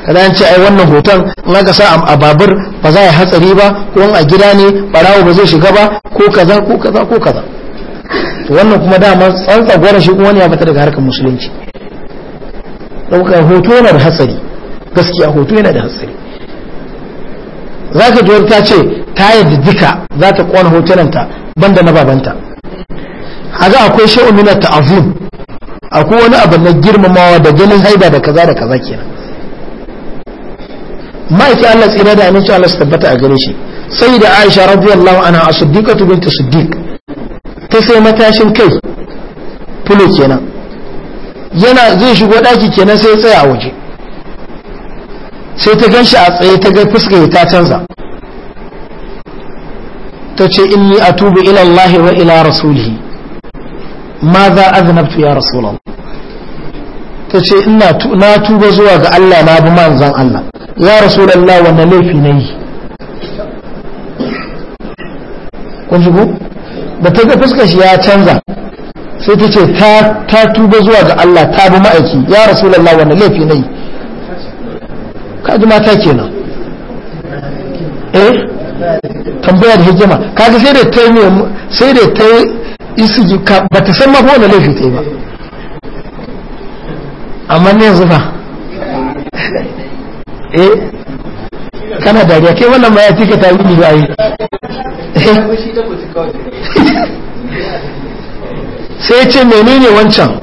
kada an ce ai wannan hoton in ga sa a babur ba za a hatsari ba ko a gida ne barawo ba zai shiga ba ko kaza ko kaza ko kaza to wannan kuma dama tsantsa gwara shi kuma wani ya fita daga harkar musulunci Dauka hoto yana da hatsari gaskiya hoto yana da hatsari za ka ji ta ce ta yadda duka za ta kona hotunanta banda na babanta A haka akwai ta ta'azim akwai wani abu na girmamawa da ganin haida da kaza da kaza kenan ma'aiki Allah tsira da aminci Allah su tabbata a gare shi sai da Aisha radiyallahu anha a siddiqatu bintu siddiq ta sai matashin kai fulo kenan yana zai shigo daki kenan sai ya tsaya waje sai ta ganshi a tsaye ta ga fuskar ta canza ta ce inni atubu ila Allah wa ila rasulihi ma za aznabtu ya rasulullah ta ce ina na tuba zuwa ga Allah na bi manzon Allah ya rasulullah wannan laifi na yi kun shigo da ta ga fuskar shi ya canza sai ta ce ta tuba zuwa ga Allah ta bi ma'aiki ya rasulullah wannan laifi na yi kaji mata kenan eh tambaya da hikima kaga sai da ta yi sai da ta yi jika ba ta san ma ko wannan laifi ta yi ba amma ne yanzu eh kana dariya kai wannan ma ya cika tawili ba yi sai ce menene wancan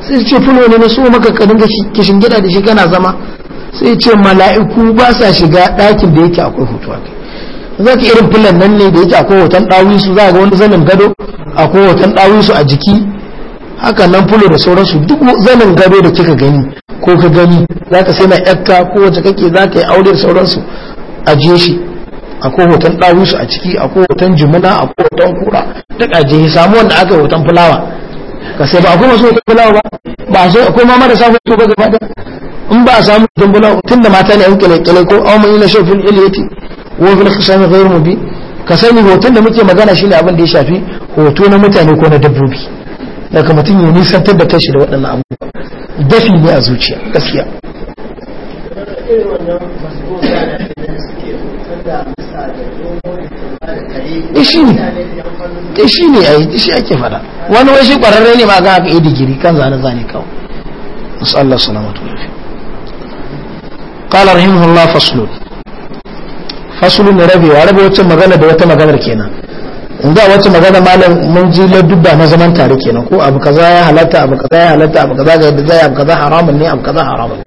sai ce fulo ne na so maka ka dinga kishin gida da shi kana zama sai ce mala'iku ba sa shiga ɗakin da yake akwai hutu akai za ka irin filan nan ne da yake akwai hoton ɗawinsu za ga wani zanin gado akwai hoton ɗawinsu a jiki haka nan fulo da sauransu duk zanen gado da kika gani ko ka gani za ka sai na yakka ko wacce kake za ka yi aure da sauransu A je shi ko hoton ɗawusu a ciki ko hoton jimina ko hoton kura duk ajiye samu wanda aka yi hoton fulawa ka sai ba akwai masu hoton fulawa ba ba so akwai ma marasa hoto ba gaba da in ba a samu hoton fulawa tun da mata ne an kyale-kyale ko an mai na shafin iliyati wani na kusa zai gairu mu bi ka sani hoton da muke magana shine abin da ya shafi hoto na mutane ko na dabbobi daga mutum ya nisantar da kanshi da waɗannan abubuwa dafi ne a zuciya gaskiya ta eh, shi ne a yi ta shi ake fada wani wai shi ƙwararre ne ba ga aka yi digiri kan zane-zane kawo musu Allah salamatu lafi ƙalar himhullah fasulun fasulun na rabewa rabe wacce magana da wata maganar kenan In a wacce magana malam mun ji ladubba na zaman tare kenan ko abu kaza ya halatta abu kaza ya halatta abu kaza ga yadda zai abu kaza haramun ne abu kaza haramun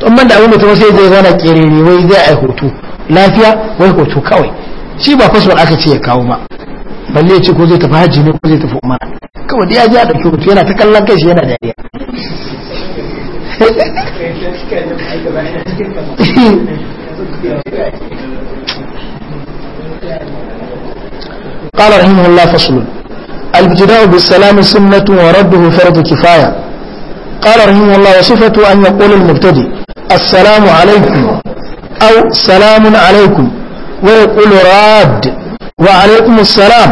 to man da abu mutum sai zai zana kerere wai zai ai hoto lafiya wai hoto kawai shi ba fasfar aka ce ya kawo ba balle ce ko zai tafi hajji ne ko zai tafi umara kawai da ya ji a dauki hoto yana ta kallon kai shi yana dariya Thank قال رحمه الله فصل الابتداء بالسلام سنة ورده فرض كفاية قال رحمه الله وصفة أن يقول المبتدئ السلام عليكم أو سلام عليكم ويقول راد وعليكم السلام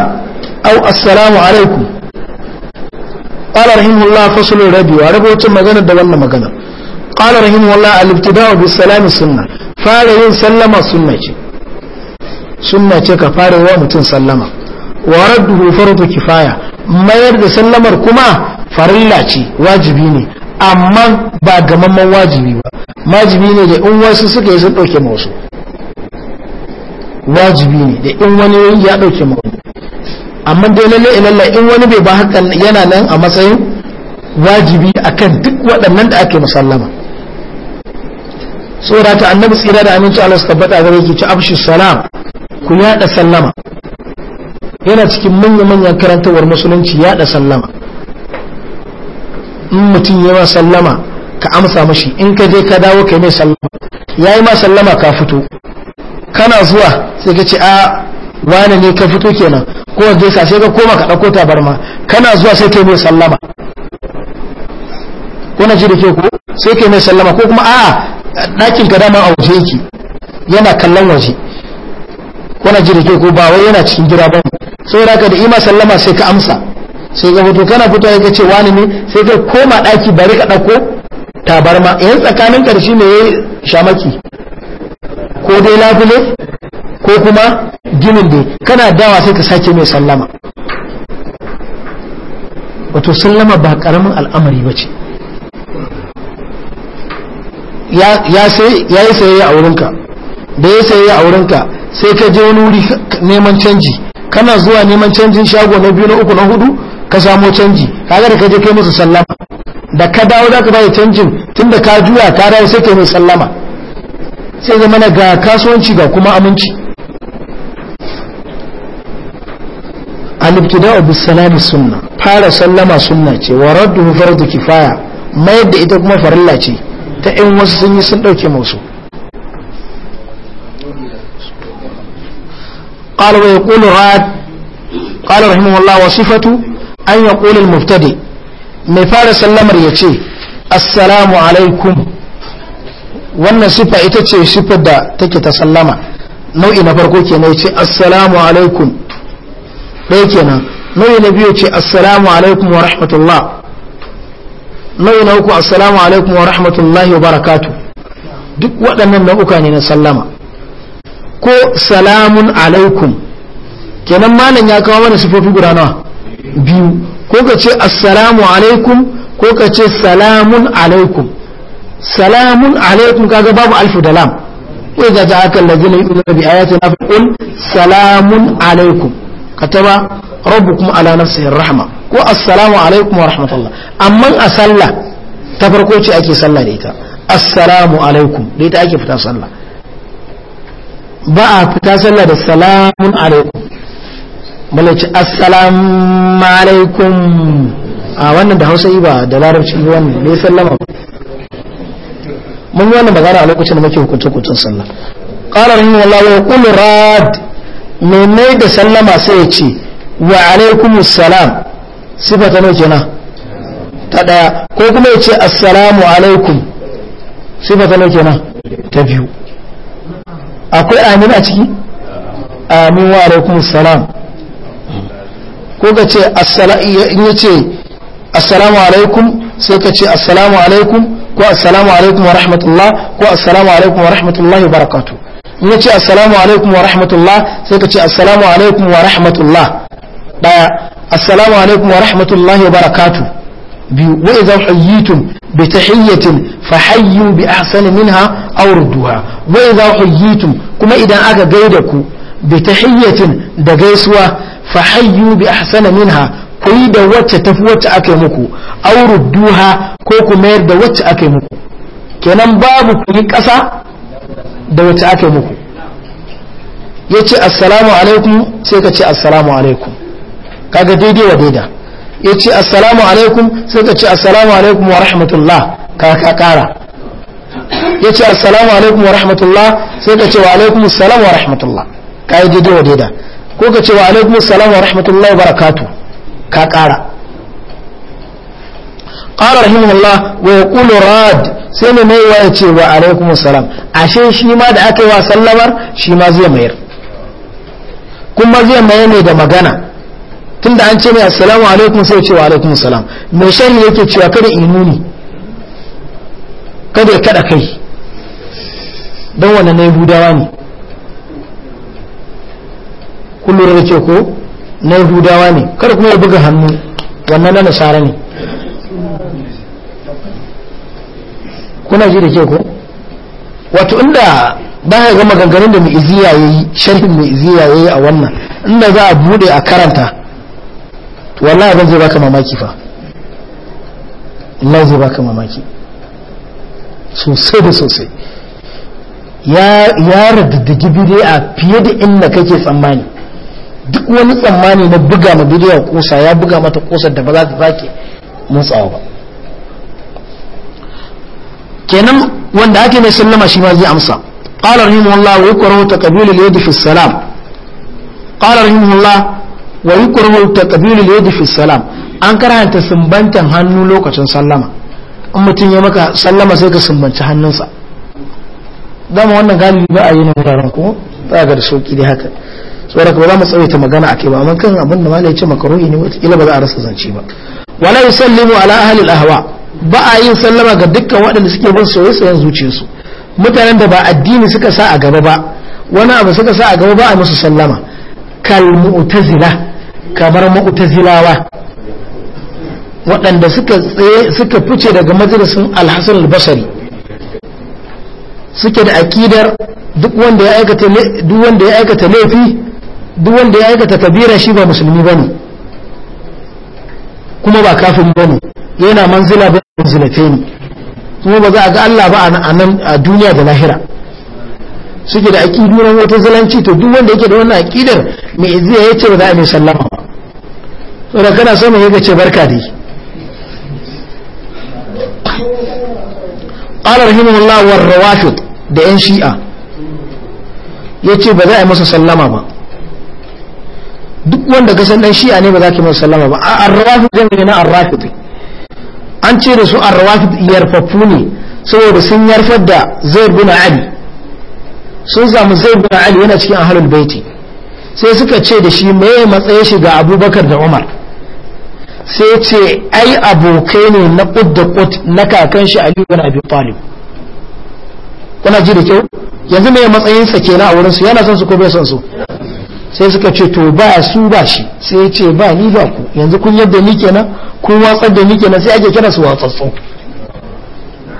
أو السلام عليكم قال رحمه الله فصل ربي وربوت مغانا دولنا مغانا قال رحمه الله الابتداء بالسلام سنة فارين سلم سنة سنة كفار ومتن سلمه waradduhu fardu kifaya mayar da sallamar kuma farilla ce wajibi ne amma ba gamamman wajibi ba wajibi ne da in wasu suka yi sun dauke masu wajibi ne da in wani ya dauke ma amma dai lalle lalle in wani bai ba hakan yana nan a matsayin wajibi akan duk waɗannan da ake musallama saboda ta annabi tsira da aminci Allah su tabbata gare ki ci abshi salam ku yada sallama yana cikin manya-manyan karantawar musulunci ya da sallama in mutum ya ma sallama ka amsa mashi in ka je ka dawo ka yi mai sallama ya yi ma sallama ka fito kana zuwa sai ka ce a wane ne ka fito kenan ko wanda sai ka koma ka ɗauko tabarma kana zuwa sai ka yi mai sallama kuna ji da ke ku sai ka yi mai sallama ko kuma a ɗakin ka dama a waje yake yana kallon waje kuna ji da ke ku ba wai yana cikin gida ba ne sai raka da ima sallama sai ka amsa sai ka fito kana fito ka ce wani ne sai ka koma daki bari ka dauko tabarma yan eh, tsakanin karshe ne yayi shamaki ko dai labule ko kuma ginin dai kana dawa sai ka sake mai sallama wato sallama ba karamin al'amari ba ce ya yi sayayya a wurinka da ya sayayya a wurinka sai ka je wani wuri neman canji kana zuwa neman canjin shago na biyu na uku na hudu ka samo canji kaga da kaje kai musu sallama da ka dawo da ka bada canjin tunda ka juya ka dawo sai kai mai sallama sai zama na ga kasuwanci ga kuma aminci alibtida ibtidau salami sunna fara sallama sunna ce wa raddu fardu kifaya mayar da ita kuma farilla ce ta in wasu sun yi sun dauke musu قال ويقول راد قال رحمه الله وصفته أن يقول المبتدئ مفار سلمر يتي السلام عليكم wannan sifa ita ce sifar da take ta sallama nau'i na farko kenan ya ce assalamu alaikum ɗaya kenan nau'i na biyu ce assalamu alaikum wa rahmatullah nau'i na uku alaikum wa rahmatullahi wa barakatu duk waɗannan nau'uka ne na sallama ko salamun alaikum kenan malam ya kawo mana sifofi guda nawa biyu ko ka ce assalamu alaikum ko ka ce salamun alaikum salamun alaikum kaga babu alfu da lam ko ga ta akan lazina yi ɗunar bi ayati na faɗin salamun alaikum kataba rabbukum ala nafsihi rahma ko assalamu alaikum wa rahmatullah amma a sallah ta farko ce ake sallah da ita assalamu alaikum da ita ake fita sallah ba a fita sallah da salamun alaikum ci assalamu alaikum a wannan da hausa ba da larabci wannan ne sallama mun yi wannan magana a lokacin da muke hukunta hukutun sallah qala rahimahullah wa qul rad menai da sallama sai ya ce wa alaikumus salam sifata ne kenan ta daya ko kuma ya ce assalamu alaikum sifata ne kenan ta biyu akwai amin a ciki amin wa alaikun salam ko ka ce in ya ce assalamu alaikun sai ka ce assalamu alaikun ko assalamu alaikun wa rahmatullah ko assalamu alaikun wa rahmatullahi barakatu barakatuh in ya ce assalamu alaikun wa rahmatullah sai ka ce assalamu alaikun wa rahmatullah daya assalamu alaikun wa rahmatullahi barakatu. biyu wa idza huyitum bi tahiyyatin fahayyu bi ahsani minha aw rudduha wa yi tun kuma idan aka gaida ku bi tahiyyatin da gaisuwa fahayyu bi ahsani minha kuyi da wacce tafi wacce aka yi muku aw rudduha ko ku mayar da wacce aka yi muku kenan babu ku yi ƙasa da wacce aka yi muku yace assalamu alaikum sai ka ce assalamu alaikum kaga daidai wa daidai ya ce assalamu alaikum sai ka ce assalamu alaikum wa rahmatullah ka ka kara ya ce assalamu alaikum wa rahmatullah sai ka ce wa alaikum wa rahmatullah ka yi daidai wa daida ko ka ce wa alaikum wa rahmatullah wa barakatu ka kara qala rahimahullah wa yaqulu rad sai ne mai waye ce wa alaikum assalam ashe shima da aka yi wa sallamar zai mayar kuma zai mayar ne da magana tunda an ce mai assalamu alaikum sai ce wa alaikum salam mai shari yake cewa kada inuni kada ya kada kai don wannan na yahudawa ne kullum da ce ko na yahudawa ne kada kuma ya buga hannu wannan na nasara ne kuna ji da ke ko wato inda ba ya ga maganganun da mai iziya ya yi sharhin mai iziya ya yi a wannan inda za a bude a karanta wallahi abin zai baka mamaki fa Allah zai baka mamaki sosai da sosai ya radaddagi bidiya fiye da inda kake tsammani duk wani tsammani na buga ma bidiya kosa ya buga mata kosar da ba za ta sake motsawa ba kenan wanda ake mai sallama shi ma zai amsa qala rahimahullah wa yakrahu taqbilul yadi fi salam qala rahimahullah wa yukrahu taqbilul yadda fi salam an karanta sumbantan hannu lokacin sallama in mutum ya maka sallama sai ka sumbanci hannunsa dama wannan galibi ba a yi na wuraren ko za ga da sauki dai haka saboda ba za mu tsawaita magana a kai ba amma kan abin da mala ya ce ruhi ne wataƙila ba za a rasa zance ba wala yusallimu ala ahli ahwa ba a yin sallama ga dukkan waɗanda suke bin soyayyen zuciyarsu mutanen da ba addini suka sa a gaba ba wani abu suka sa a gaba ba a musu sallama kal mu'tazila kamar mu'tazilawa waɗanda suka tsaye suka fice daga majalisin alhassan albasari suke da akidar duk wanda ya aikata duk wanda ya aikata laifi duk wanda ya aikata kabira shi ba musulmi bane kuma ba kafin bane yana manzila ba manzilafe ne kuma ba za a ga Allah ba a nan a duniya da lahira suke da aƙidu na wata zalanci to duk wanda yake da wannan aƙidar me zai yace ba za a mai sallama saboda kana so mai ce barka dai ƙalar rahimahullah war rawafid da yan shi'a ya ce ba za a yi masa sallama ba duk wanda ka san dan shi'a ne ba za ki masa sallama ba ar-rawafid ne na ar-rafidi an ce da su ar-rawafid yarfafu ne saboda sun yarfar da zai buna ali sun samu zai buna ali yana cikin ahlul baiti sai suka ce da shi mai matsayi shiga abubakar da umar sai ce ai abokai ne na kud da na kakan shi aliyu wani abin talib kuna ji da kyau yanzu mai matsayin sa na a wurin su yana son su ko bai son su sai suka ce to ba su ba shi sai ce ba ni ba ku yanzu kun yadda ni nan kun watsar da ni nan sai ake kira su watsatsu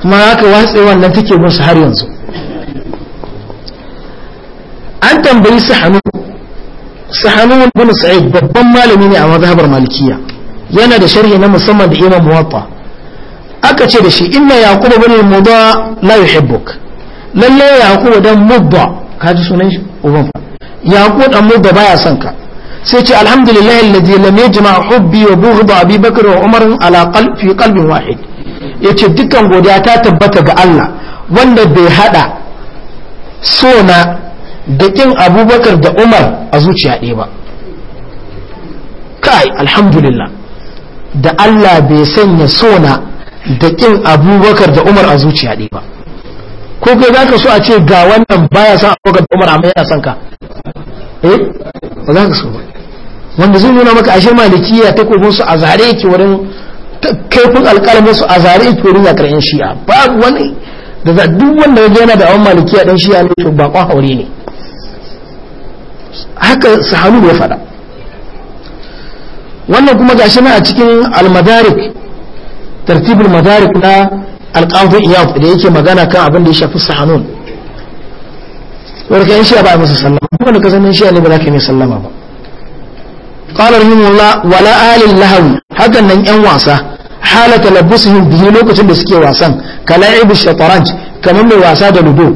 kuma haka watsewan nan take bin su har yanzu an tambayi su hannu bin sa'id babban malami ne a mazhabar malikiyya yana da sharhi na musamman da imam muwatta aka ce da shi inna yaquba bin mudda la yuhibbuk lalle yaquba dan mudda kaji sunan shi uban fa yaquba dan mudda baya son ka sai ce alhamdulillah alladhi lam yajma hubbi wa bughd abi bakr wa umar ala qalb fi qalbin wahid yace dukkan godiya ta tabbata ga Allah wanda bai hada sona da kin abubakar da umar a zuciya ɗaya ba kai alhamdulillah da Allah bai sanya sona da ƙin abubakar da umar a zuciya ɗaya ba ko kai za ka so a ce ga wannan baya son abubakar da umar amma yana son ka eh ba za ka so ba wanda zai nuna maka ashe ya ta kogon su a zare yake wurin kaifin alƙalamin su a zare yake wurin yakar yan shi'a ba wani da duk wanda ya yana da awon a dan shi'a ne to ba kwa haure ne haka sahanu ya faɗa wannan kuma shi na a cikin almadarik tartibul madarik na alƙawar iyaf da yake magana kan abin da ya shafi sahanun warka yan shiya ba a masa sallama kuma da ka san ne ba za ka yi sallama ba qala rahimullah wala alil lahawi hakan nan yan wasa hala talabbusuhum bihi lokacin da suke wasan kala'ibu shataranj kamar mai wasa da ludo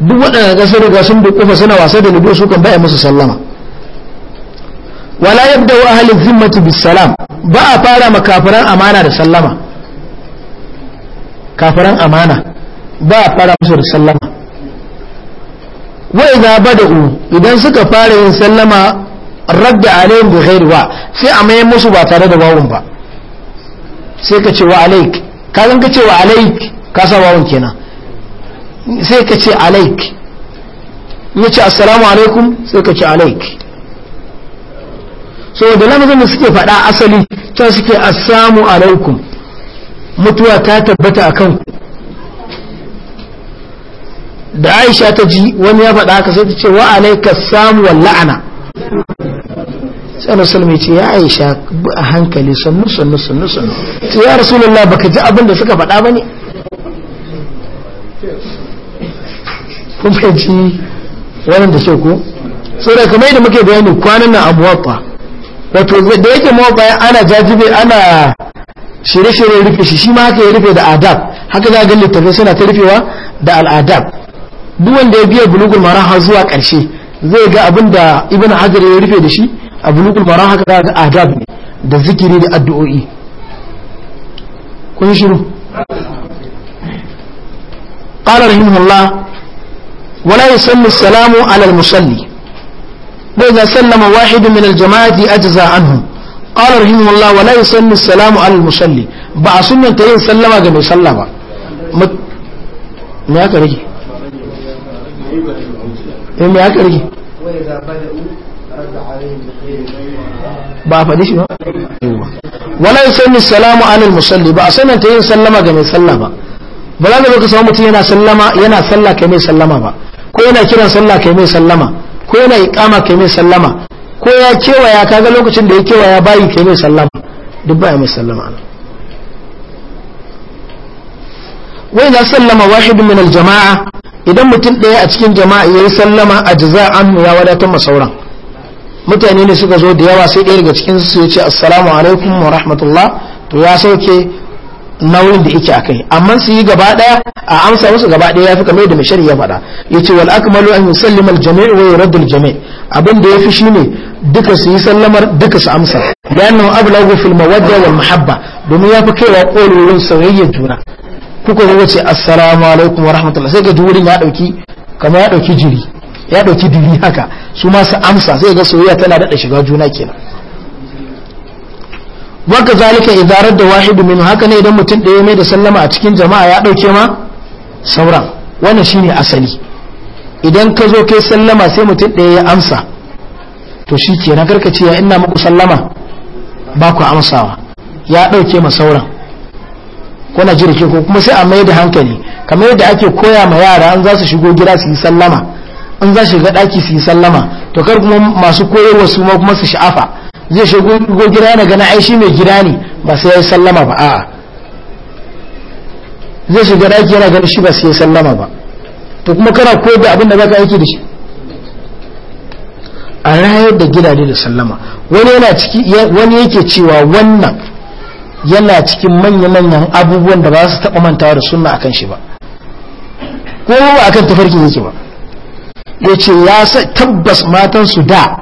duk waɗanda ga sun riga sun dukufa suna wasa da ludo su kan baya musu sallama wala yabda wa ahalin zimmati bis salam ba a fara ma kafiran amana da sallama kafiran amana ba a fara musu da sallama wa da u idan suka fara yin sallama radda alaihim bi ghairi wa sai a mai musu ba tare da wawun ba sai ka ce wa alaik ka ka ce wa alaik ka sa wawun kenan sai ka ce alaik ya ce assalamu alaikum sai ka ce alaik da lafazin da suke fada asali ta suke assamu alaikum mutuwa ta tabbata a kanku da aisha ta ji wani ya faɗa aka sai ta ce wa alaika samu wa la'ana sai salmai ce ya aisha a hankali sannu sannu sannu sannu ce ya rasulullah baka ji abin da suka faɗa ba ne kuma ji wani da ke ko saboda kamar yadda muke bayani kwanan na abuwa wato da yake mabaya ana jajibe ana shirye-shirye rufe shi shi ma haka ya rufe da adab haka za ga littafai suna ta rufewa da al'adab duk wanda ya biya bulugul mara zuwa ƙarshe zai ga abin da ibn hajar ya rufe da shi a bulugul mara haka za ga adab ne da zikiri da addu'o'i kun shiru qala rahimahullah wala yusalli salamu ala al-musalli وإذا سلم واحد من الجماعة أجزى عنه قال رحمه الله ولا السلام على المصلي ba a sunanta yin sallama ga mai ba ba shi ba wala musalli ba a sunanta yin sallama ga mai sallah ba ba za ka samu mutum yana sallama yana sallah kai mai sallama ba ko yana kiran sallah kai mai sallama ko yana iƙama kai mai sallama ko ya kewaya kaga lokacin da ya kewaya bayi kai mai sallama duk baya mai sallama ana wai na sallama wahidun min jama'a idan mutum ɗaya a cikin jama'a ya yi sallama a an ya wadatar masauran mutane ne suka zo da yawa sai ɗaya daga cikin su ya ce assalamu alaikum wa rahmatullah to ya sauke nauyin da yake akai amma su yi gaba daya a amsa musu gaba daya yafi kamar da mishari ya fada yace wal akmalu an yusallima al jami' wa yurad al jami' abin da yafi shine duka su yi sallamar duka su amsa bayanan ablagu fil mawadda wal mahabba domin yafi kaiwa kolorin soyayyar juna kuka zo ce assalamu alaikum wa rahmatullahi sai ga durin ya dauki kamar ya dauki jiri ya dauki diri haka su ma su amsa sai ga soyayya tana daɗa shiga juna kenan waka zalika idarar da wahidu minu haka ne idan mutum ɗaya mai da sallama a cikin jama'a ya ɗauke ma sauran wannan shine asali idan ka zo kai sallama sai mutum ɗaya ya amsa to shi ke na karkace ya ina muku sallama ba ku amsawa ya ɗauke ma sauran kuna ji ko kuma sai a mai da hankali kamar yadda ake koya ma yara an za su shigo gida su yi sallama an za su shiga ɗaki su yi sallama to kar kuma masu koyarwa su ma kuma su sha'afa zai shigo gida yana gana aishi mai gida ne ba sai ya yi sallama ba a'a zai shiga daki yana gani shi ba sai ya sallama ba to kuma kana koyar da abin da ka aiki da shi a rayar da gidaje da sallama wani yana ciki wani yake cewa wannan yana cikin manya-manyan abubuwan da ba su taɓa mantawa da sunna akan shi ba ko ba akan tafarki yake ba ya ce ya tabbas matansu da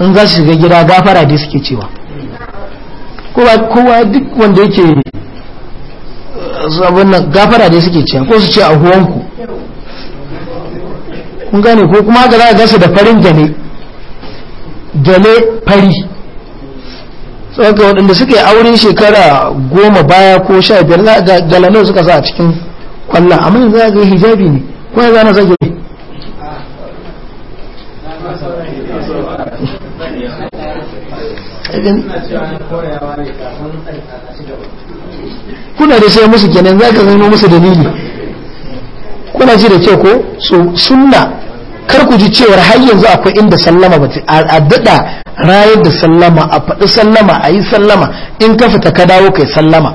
in za su shiga gida gafara da suke cewa kowa duk wanda yake sabon nan gafara da suke cewa ko su ce a huwanku kun gane ko kuma haka za a gasa da farin gane gane fari tsawaka waɗanda suka yi auren shekara goma baya ko sha biyar galanau suka sa a cikin kwallon amma yanzu za a ga hijabi ne ko ya a zage din kuna da sai musu kenan za ka zama musu dalili kuna ji da kyau ko sunna kar ku ji cewar har yanzu akwai inda sallama ba a daɗa rayar da sallama a faɗi sallama a yi sallama in ka fita ka dawo kai sallama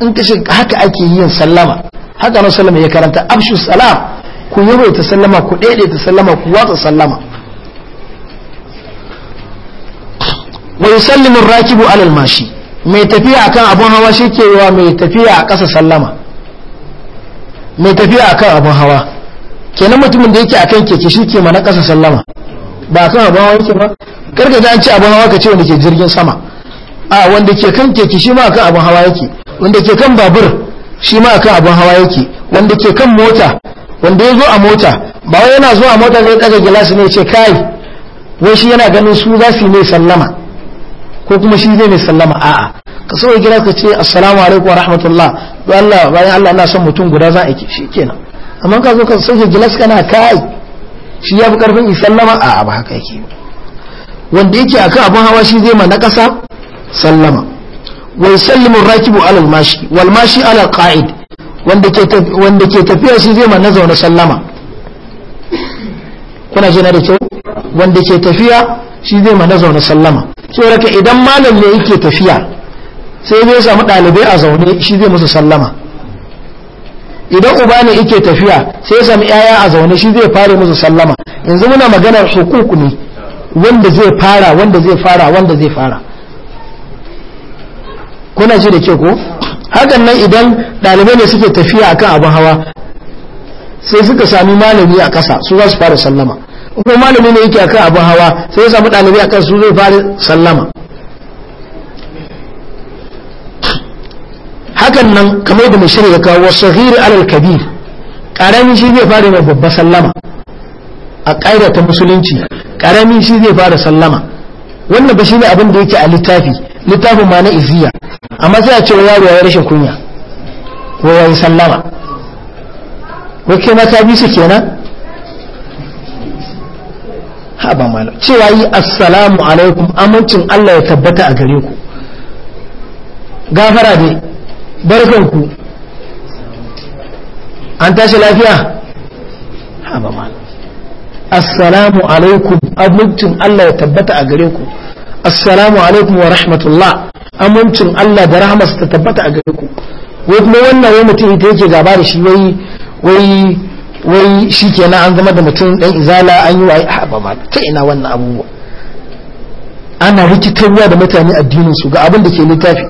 in ka haka ake yin sallama haka na sallama ya karanta abshu salam ku ta sallama ku ta sallama ku watsa sallama wa yusallimu rakibu alal mashi mai tafiya akan abun hawa shi ke yawa mai tafiya a ƙasa sallama mai tafiya akan abun hawa kenan mutumin da yake akan keke shi ke mana ƙasa sallama ba akan abun hawa yake ba karka ji an ce abun hawa ka ce wanda ke jirgin sama a wanda ke kan keke shi ma akan abun hawa yake wanda ke kan babur shi ma akan abun hawa yake wanda ke kan mota wanda ya zo a mota ba wai yana zuwa mota zai ɗaga gilasi ne ce kai wai shi yana ganin su za su yi mai sallama ko kuma shi zai mai sallama a'a ka so gida ka ce assalamu alaikum wa rahmatullah Allah bayan Allah ina son mutum guda za a yi shi kenan amma ka zo ka soke gilas kana kai shi ya fi karfin sallama a'a ba haka yake wanda yake akan abun hawa shi zai ma na ƙasa sallama wa yusallimu rakibu ala al-mashi wal mashi ala qaid wanda ke wanda ke tafiya shi zai ma na zaune sallama kuna jina da kyau wanda ke tafiya shi zai mana zaune sallama tsoraka idan malam ne yake tafiya sai zai samu ɗalibai a zaune shi zai musu sallama idan uba ne yake tafiya sai sami yaya a zaune shi zai fara musu sallama yanzu muna maganar hukuku ne wanda zai fara wanda zai fara wanda zai fara kuna ji da ke ko hakan nan idan ɗalibai ne suke tafiya akan abin hawa sai suka sami malami a ƙasa su za su fara sallama ko malami ne yake akan abin hawa sai ya samu dalibi akan su zai fara sallama hakan nan kamar da mushiri ya kawo sahiri alal kabir ƙaramin shi zai fara da babba sallama a ƙaida ta musulunci ƙaramin shi zai fara sallama wannan ba shi ne abin da yake a littafi littafin ma na iziya amma sai a ce yaro ya rashin kunya ko ya sallama ko kai mata bi kenan ha ba malam cewa yi assalamu alaikum amincin Allah ya tabbata a gare ku gafara dai barkan ku an tashi lafiya ha ba malam assalamu alaikum amincin Allah ya tabbata a gare ku assalamu alaikum wa rahmatullah amincin Allah da rahmas ta tabbata a gare ku wai kuma wannan wani mutum ita yake gaba da shi wai wai wai shi kenan an zama da mutum ɗan izala an yi wa a ah, ba ta ina wannan abubuwa ana rikitarwa da mutane addinin su ga abin da ke littafi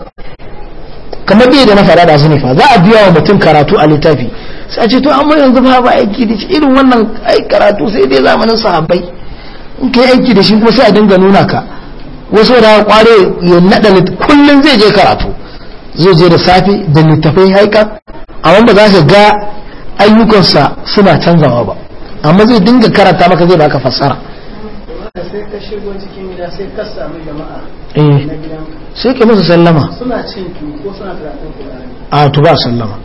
kamar bai da na fara da su ne fa za a biya wa mutum karatu a littafi sai a ce to amma yanzu ba ba aiki da shi irin wannan ai karatu sai dai zamanin sahabbai in kai aiki da shi kuma sai a dinga nuna ka wasu da kware ya naɗa kullum zai je karatu zai je da safe da littafai haika a ba za ka ga ayyukansa suna canzawa ba amma zai dinga karanta maka zai baka fassara sai ka shigo cikin gida sai ka samu jama'a eh, sai ka musu sallama suna cin tuwo ko suna karatun qur'ani a to ba sallama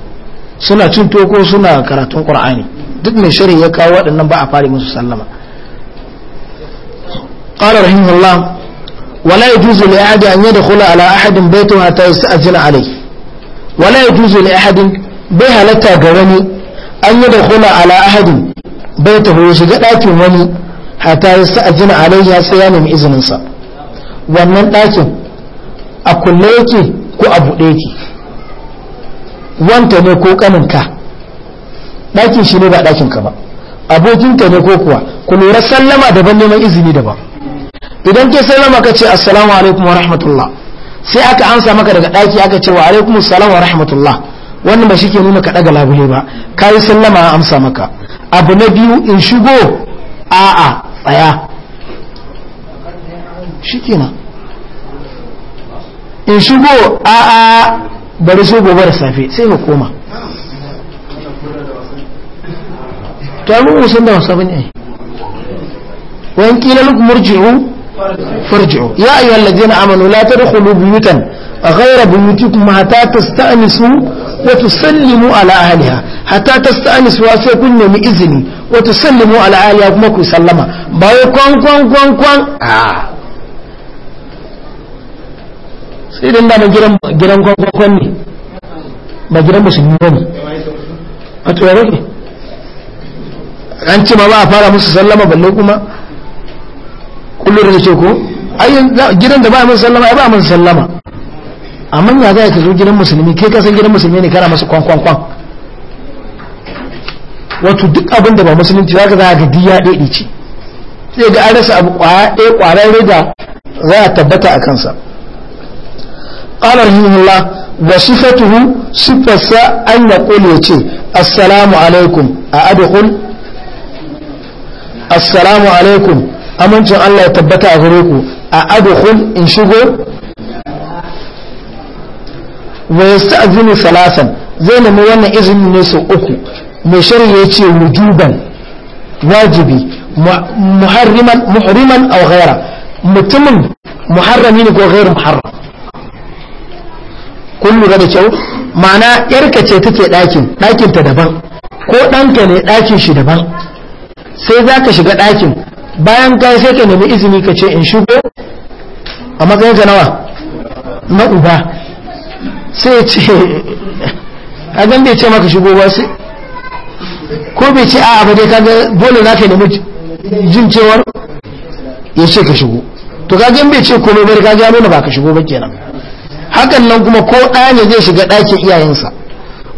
suna cin tuwo ko suna karatun qur'ani duk mai shari ya kawo waɗannan ba a fari musu sallama قال رحمه الله ولا يجوز لأحد أن يدخل على أحد بيته حتى يستأذن عليه ولا يجوز لأحد بها لتا an yi da hula ala ahadin bai taho ya shiga ɗakin wani hata ya sa ajina alayya sai ya nemi izininsa wannan ɗakin a kulle yake ko a buɗe yake wanta ne ko ƙaninka ɗakin shi ne ba ɗakinka ba abokinka ne ko kuwa ku lura sallama daban neman izini daban idan ke sallama ka ce assalamu alaikum wa rahmatullah sai aka ansa maka daga ɗaki aka ce wa alaikum assalam wa rahmatullah wannan ba shi ke nuna ka ɗaga labule ba ka yi sallama a amsa maka abu na biyu in shigo a'a tsaya shi kenan in shigo a'a bari so gobe da safe sai ka koma tamu sun da wasa bane wani kila luk murji'u farji'u ya ayyuhal ladina amanu la tadkhulu buyutan ghayra buyutikum hatta tasta'nisu wa tusallimu ala ahliha hatta tasta'nis wa sai kun nemi izini wa tusallimu ala ahliha kuma ku sallama ba wai kwan kwan kwan kwan a sai da gidan gidan kwan kwan ne ba gidan musulmi ne a to ne an ce ma ba a fara musu sallama balle kuma kullum da ce ko ayin gidan da ba a musu sallama ba a musu sallama amma ya za ka zo gidan musulmi ke kasan gidan musulmi ne kara masu kwan kwan kwan wato duk abin da ba musulunci za ka za ga diya ɗaiɗi ce sai ga an rasa abu ƙwaya ɗaya ƙwararre da za a tabbata a kansa ƙalar hihullah wa sifatuhu sifarsa an ya ƙule ce assalamu alaikum a adukun. assalamu alaikum amincin allah ya tabbata a gare ku a adukun in shigo wa yasta'zinu salasan zai nemi wannan izini ne sau uku mai shari'a ya ce wujuban wajibi muharriman muhriman aw ghaira mutumin muharrami ne ko ghairu muharram kun lura da kyau ma'ana yarka ce take dakin dakin ta daban ko ɗanka ne dakin shi daban sai zaka shiga dakin bayan ka sai ka nemi izini ka ce in shigo a matsayin nawa na uba sai ce a gan bai ce maka shigo ba sai ko bai ce a ba dai kaga dole na ka nemi jin cewar ya ce ka shigo to kaga bai ce komai bari kaga nuna ba ka shigo ba kenan hakan nan kuma ko ɗaya ne zai shiga ɗakin iyayensa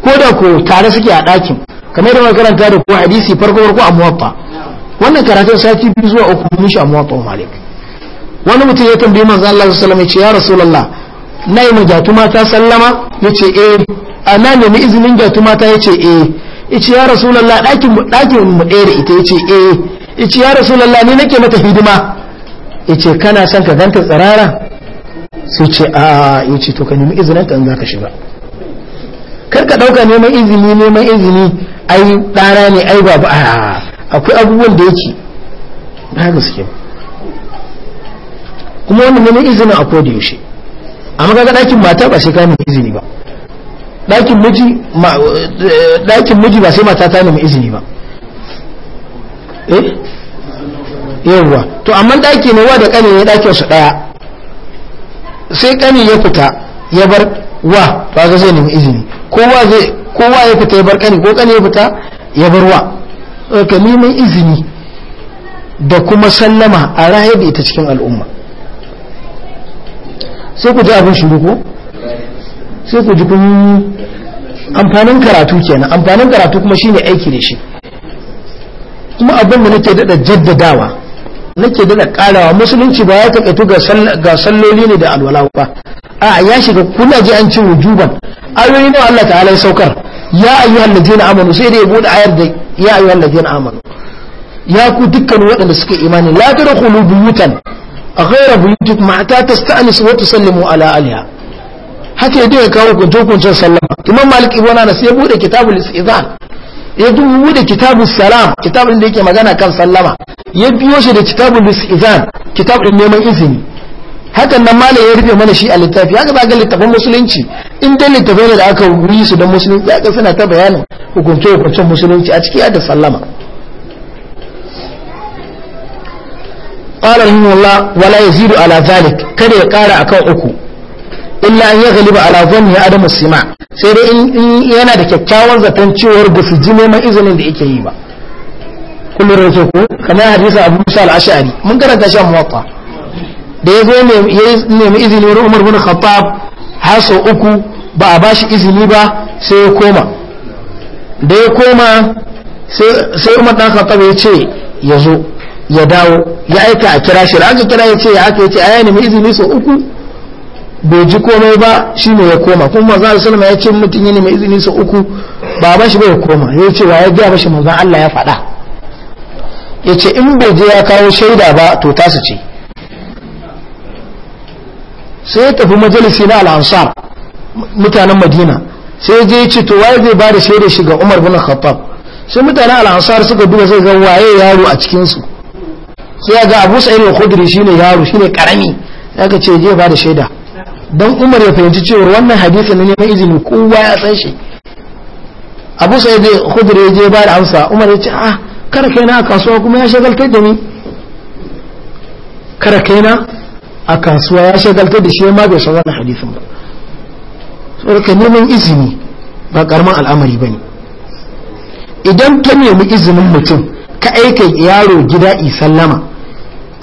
ko da ko tare suke a ɗakin kamar da karanta da ko hadisi farko farko a muwaffa wannan karatun sati biyu zuwa uku mun shi a muwaffa malik wani mutum ya tambayi manzo Allah sallallahu alaihi wasallam ya ce ya rasulullah na yi ta sallama ya ce eh a na izinin gyatuma ta ya ce eh yace ya rasulallah ɗakin mu ɗaya da ita ya ce eh yace ya rasulullah ni nake mata hidima ice kana son ka ganta tsarara? sai ce a yace to ka nemi izinin ta in za ka shiga kar ka ɗauka neman izini neman izini ai ɗara ne ai babu a akwai abubuwan da yake na gaske kuma wannan neman izinin akwai da yaushe amma kaga ɗakin mata ba sai ka nemi izini ba ɗakin miji dakin miji ba sai mata ta nemi izini ba eh yawwa to amma daki ne wa da ƙani ne ɗakin su ɗaya sai ƙani ya fita ya bar wa ba ga zai nemi izini kowa zai kowa ya fita ya bar ƙani ko ƙani ya fita ya bar wa ka neman izini da kuma sallama a rahayar da ita cikin al'umma sai ku ji abin shiru ko sai ku ji kun amfanin karatu kenan amfanin karatu kuma shine aiki ne shi kuma abin da nake dada jaddadawa nake dada karawa musulunci ba ya takaitu ga salloli ne da alwala ba a ya shiga kuna ji an ci wujuban ayoyi na Allah ta'ala ya saukar ya ayyuhal ladina amanu sai da ya bude ayar da ya ayyuhal ladina amanu ya ku dukkan waɗanda suka imani la tadkhulu buyutan غير بيوتكم حتى تستأنس وتسلموا على أهلها haka ya kawo hukunce hukuncin sallama imam malik ibn anas ya bude kitabul istizan ya bude kitabul salam kitabun da yake magana kan sallama ya biyo shi da kitabul istizan kitabun neman izini hakan nan malam ya rufe mana shi a littafi haka zaga littafin musulunci in dai da aka wuri su don musulunci aka suna ta bayanin hukunce-hukuncen musulunci a ciki da sallama qala rahimahullah wala yazidu ala zalik kada ya kara akan uku illa an yaghliba ala dhanni adamu sima sai dai in yana da kyakkyawan zaton cewar ba su ji neman izinin da yake yi ba kullum rage ko kamar hadisi abu musa al-ash'ari mun karanta shi a muwatta da ya zo nemi izini wurin umar bin khattab har sau uku ba a bashi izini ba sai ya koma da ya koma sai umar dan khattab ya ce ya zo ya dawo ya aika a kira shi da kira ya ce ya aka yace aya nemi izini so uku bai ji komai ba shine ya koma kuma manzo Allah sallama ya ce mutum ya nemi izini so uku baban shi bai koma ya ce wa ya ga mashi manzo Allah ya faɗa ya ce in bai je ya kawo shaida ba to ta su ce sai ya tafi majalisi na al-ansar mutanen madina sai je ya ce to waye zai ba da shaida shi ga umar bin khattab sai mutanen al-ansar suka duba sai ga waye yaro a cikin su sai ga abu sa'id al shi ne yaro shi shine karami aka ce je ba da shaida don umar ya fahimci cewa wannan hadisin ne mai izini kowa ya san shi abu sa'id al-khudri ya je ba da amsa umar ya ce a ah, kar kai na a kasuwa kuma ya shagaltar da ni kar kai na a kasuwa ya shagaltar da shi ma bai san wannan hadisin ba ka neman izini ba karaman al'amari bane idan ka nemi izinin mutum ka aika yaro gida isallama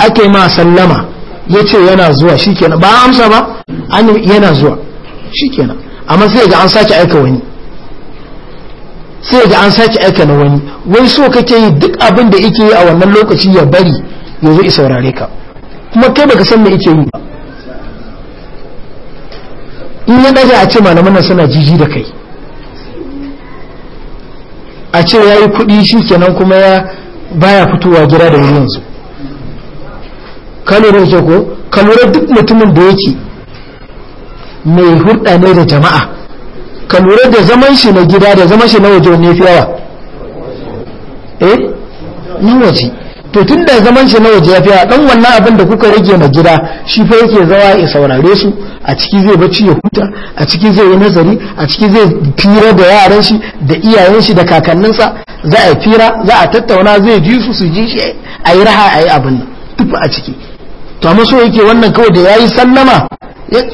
ake ma sallama ya ce yana zuwa shikenan ba amsa ba an yana zuwa shikenan amma sai ga an sake aika wani sai ga an sake aika na wani wai so kake yi duk abin da yake yi a wannan lokaci ya bari ya zo saurare ka kuma kai baka san me yake yi ba in ya daga a ce malaman nan suna jiji da kai a ce ya yi kuɗi shi kenan kuma ya baya fitowa gida da wuri yanzu kalorin lura ko ka duk mutumin da yake mai hulɗa ne da jama'a kalorin da zaman shi na gida da zaman shi na waje ne fi yawa eh ni waje to tun da zaman shi na waje ya fi yawa dan wannan abin da kuka rage na gida shi fa yake zawa ya saurare su a ciki zai bacci ya huta a ciki zai yi nazari a ciki zai fira da yaran shi da iyayen shi da kakanninsa za a fira za a tattauna zai ji su su ji shi a yi raha a yi abin nan duk a ciki to amma so yake wannan kawai da yayi sallama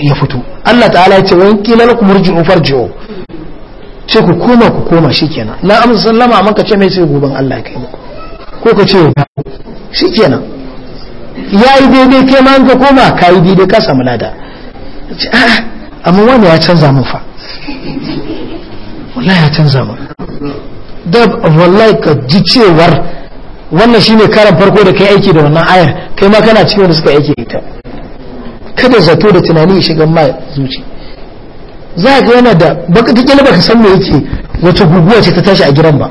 ya fito Allah ta'ala ya ce wa qila lakum murjiu farji'u sai ku koma ku koma shikenan na amsa sallama amma ka ce mai sai goban Allah kai muku ko ka ce shikenan yayi daidai kai ma an ka koma kai daidai ka samu lada a'a amma wani ya canza mun fa wallahi ya canza mun da wallahi ka ji cewar wannan shine karan farko da kai aiki da wannan ayar kai ma kana cikin wanda suka aiki ita kada zato da tunani ya shiga ma zuci za ka yana da baka ta kila baka san me yake wace guguwa ce ta tashi a gidan ba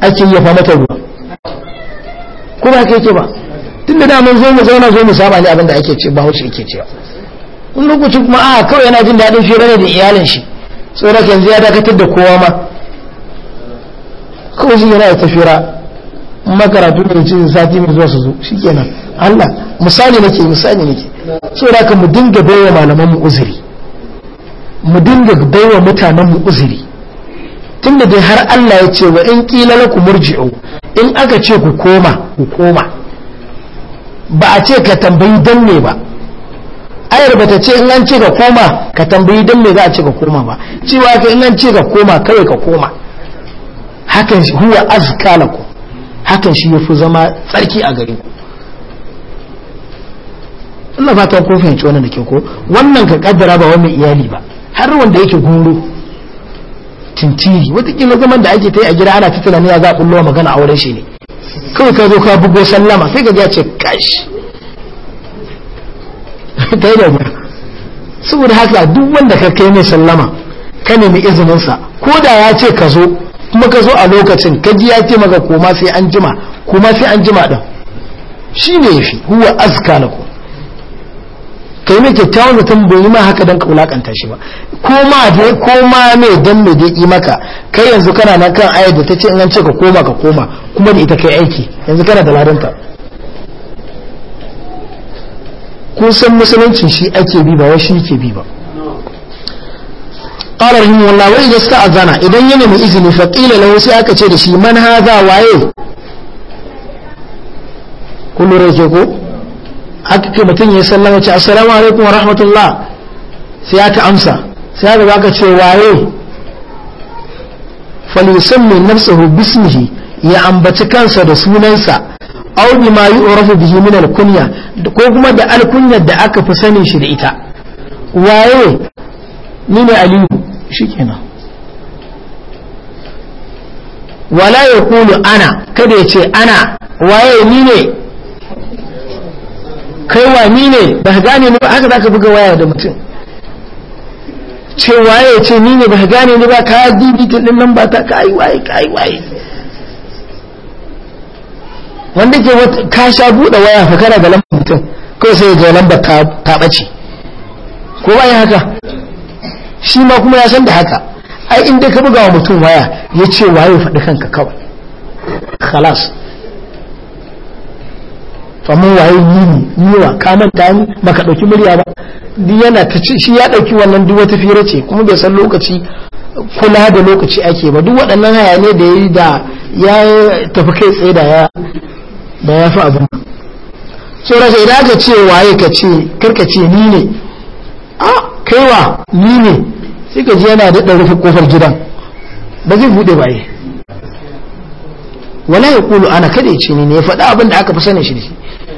ake yi fa mata ruwa ko ba ka yake ba tun da mun zo mu zauna zo mu saba ne abin da ake ce ba wuce yake cewa in lokaci kuma a kawai yana jin daɗin rana da iyalin shi tsoron yanzu ya dakatar da kowa ma kawai shi yana da tafira makaratu karatu ne cikin sati mai zuwa su zo shikenan Allah misali nake misali nake so da ka mu dinga baiwa malaman mu uzuri mu dinga baiwa mutanen mu uzuri tunda dai har Allah ya ce wa in qila ku murji'u in aka ce ku koma ku koma ba a ce ka tambayi dan ne ba ayar bata ce in an ce ka koma ka tambayi dan me za a ce ka koma ba cewa ka in an ce ka koma kawai ka koma hakan huwa azka lakum hakan shi ya fi zama tsarki a gare ku ina fatan ko fahimci wannan da ke ko wannan ka kaddara ba wani iyali ba har wanda yake goro tintiri watakila zaman da ake ta yi a gida ana ta tunani ya za a magana a wurin shi ne kawai ka zo ka bugo sallama sai ka ya ce kash ta yi da saboda haka duk wanda ka kai mai sallama ka nemi izininsa ko da ya ce ka zo kuma ka zo a lokacin ka ji ya ce maka koma sai an jima koma sai an jima din shi ne fi huwa azka Ka kai mai kyakkyawan mutum bai yi ma haka don ka wulakanta shi ba koma dai koma mai don mai dai yi maka kai yanzu kana nan kan ayar da ta ce in an ce ka koma ka koma kuma da ita kai aiki yanzu kana da ladanta kun san musuluncin shi ake bi ba wai shi ke bi ba qala rahimahullah wa idan yana mai izini fa qila aka ce da shi man hadha waye kullu rajuku aka ce ya sallama ce assalamu alaikum wa rahmatullah sai aka amsa sai aka baka ce waye falyusammi nafsahu bismihi ya ambaci kansa da sunansa aw bima yu'rafu bihi min al-kunya ko kuma da al da aka fi sanin shi da ita waye ni ne aliyu shikenan wala ya kulu ana kada ya ce ana waye ni ne kai wa ni ne ba gane ni ba haka za ka buga waya da mutum ce waye ya ce ni ne ba gane ni ba ka dibitin din nan ba ta ka yi waye ka yi waye wanda ke ka sha buɗe waya fa kana da lambar mutum kawai sai ya ga lambar ta ɓace ko ba haka shi ma kuma ya san da haka ai inda ka buga wa mutum waya ya ce waye faɗi kanka kawai khalas amma waye ne wa ka ta ni baka ɗauki murya ba yana ta ci shi ya ɗauki wannan duk wata fira ce kuma bai san lokaci kula da lokaci ake ba duk waɗannan hayane da ya da ya tafi kai tsaye da ya da ya fi abin tsoron sai da ka ce waye ka ce karka ce ni ne a ah, kaiwa ni ne sai ka ji yana daɗa rufe kofar gidan ba zai buɗe ba yi wala ya kulu ana kada ya ce ne ya faɗa abin da aka fi sanin shi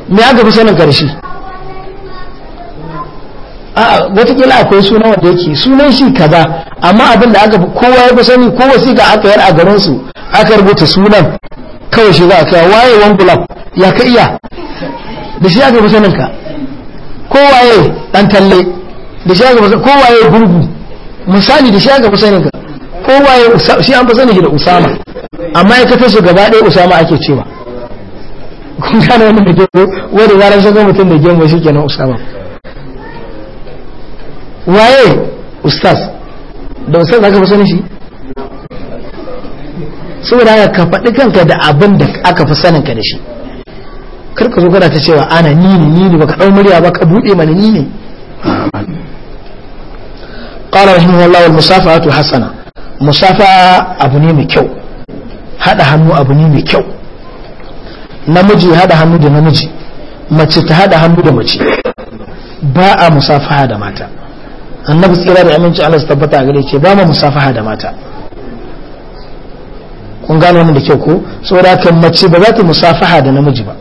ne aka fi sanin karshe a watakila akwai suna wanda yake sunan shi kaza amma abin da aka kowa ya fi sani ko wasiƙa aka yar a garin su aka rubuta sunan kawai shi za a kai waye one block ya ka iya da shi aka fi sanin ka kowaye dan talle da shi aka ya gurgu misali da shi aka fi sanin ka kowaye shi an fi sanin da usama amma ya kafa su gaba ɗaya usama ake cewa kun gane wani mutum wani waran shagon mutum da gemu shi kenan usama waye ustaz da ustaz aka fi sanin shi saboda haka ka faɗi kanka da abin da aka fi sanin ka da shi karka zo kana ta cewa ana ni ne ni ne baka ɗau murya ba ka buɗe mana ni ne قال رحمه الله musafahatu hasana musafaha abu ne mai kyau hada hannu abu ne mai kyau namiji hada hannu da namiji mace ta hada hannu da mace ba a musafaha da mata annabi tsira da aminci Allah su tabbata a ce ba da mata kun gane wannan da kyau ko saboda haka mace ba za ta musafaha da namiji ba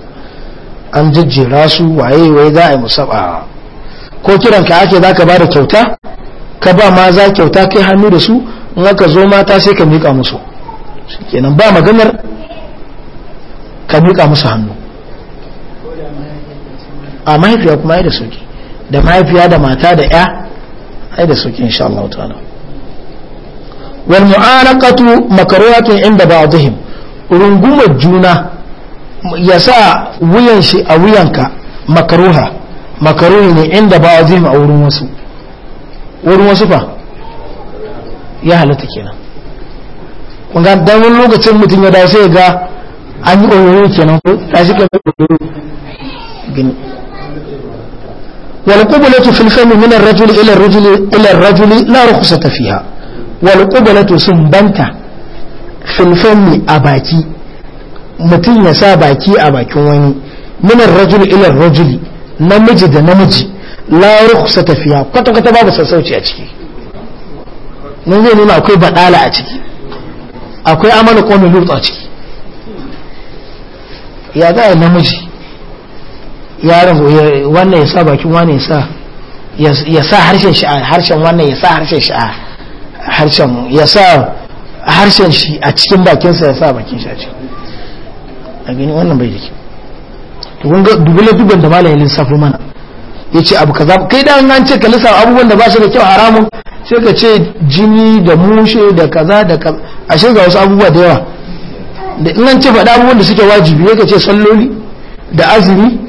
an jejjera su waye waye za a yi musafaha ko kiran ka ake zaka bada kyauta ka ba ma za kyauta kai hannu da su in aka zo mata sai ka miƙa musu kenan ba maganar ka miƙa musu hannu a mahaifiya kuma ai da soke da mahaifiya da mata da ya ai da soke insha Allah ta'ala wal mu'alaqatu makruhatun inda ba'dihim rungumar juna ya sa wuyan shi a wuyanka makaruha makaruhi ne inda ba'dihim a wurin wasu wurin wasu fa ya halatta kenan kuma ga wani lokacin mutum ya dace ga an yi oyoyo kenan ko ta shi kenan oyoyo gini wal qubulatu fil fami min rajuli ilar rajuli ar-rajul ila ar-rajul la rukhsata fiha wal sun banta fil a baki mutum ya sa baki a bakin wani minar rajuli ilar rajuli namiji da namiji la rukhsa tafiya kwata kwata babu sassauci a ciki mun zai nuna akwai badala a ciki akwai amana qawmi lut a ciki ya za a namiji yaron wannan ya sa bakin wannan ya sa ya sa harshen shi a harshen wannan ya sa harshen shi a harshen ya sa harshen shi a cikin bakinsa ya sa bakin shi a ciki a gani wannan bai da kyau dubin da duban da malayin lissafo mana ya ce abu kaza kai da an ce ka lissa abubuwan da ba su da kyau haramun sai ka ce jini da mushe da kaza da ka a ga wasu abubuwa da yawa da in an ce faɗa abubuwan da suke wajibi ya ka ce salloli da azumi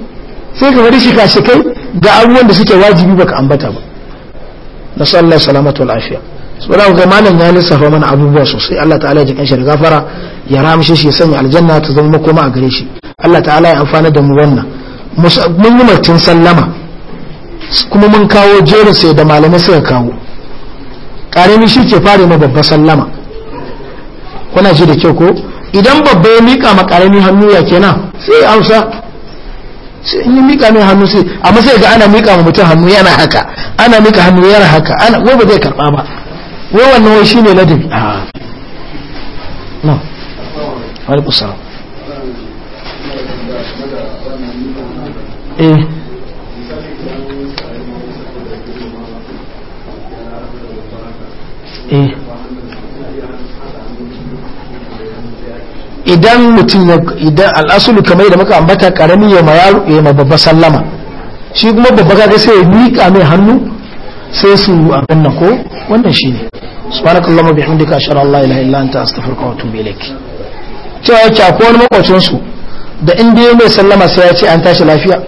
sai ka ka shi kai ga abubuwan da suke wajibi baka ambata ba na sallar salamatu al'afiya afiya saboda malam ya lissafa mana abubuwa sosai Allah ta'ala ya jikin shi da gafara ya ramshe shi ya sanya aljanna ta zama makoma a gare shi Allah ta'ala ya amfana da mu wannan mun yi martin sallama kuma mun kawo jerin sai da malamai suka kawo karami shi ke fara ma babba sallama kuna ji da kyau ko idan babba ya mika ma karami hannu ya kenan sai amsa sai in mika mai hannu sai amma sai ga ana mika ma mutum hannu yana haka ana mika hannu yana haka ana wai ba zai karba ba wai wannan wai shine ladabi a ah. na alaikum salam eh Eh. idan mutum ya idan al'asulu kamar da muka ambata karami ya mayaru ya ma babba sallama shi kuma babba kaga sai ya miƙa mai hannu sai su abin nan ko wannan shine subhanakallahumma bihamdika ashhadu an la ilaha illa anta astaghfiruka wa atubu ilaik cewa yake akwai wani makwacin su da in dai mai sallama sai ya ce an tashi lafiya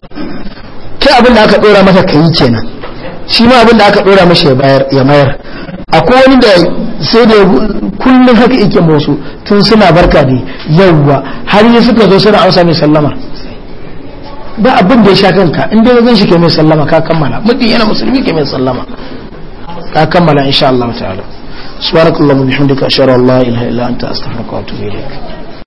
kai abin da aka dora mata kai kenan shi ma abin da aka dora mashi ya mayar akwai wani da sai da kullum haka yake musu tun suna barka ne yawwa har yi suka zo suna amsa mai sallama ba abin da ya sha kanka in dai zan shi ke mai sallama ka kammala mutum yana musulmi ke mai sallama ka kammala insha Allah ta'ala subhanakallahumma bihamdika ashhadu an la ilaha illa anta astaghfiruka wa atubu ilaik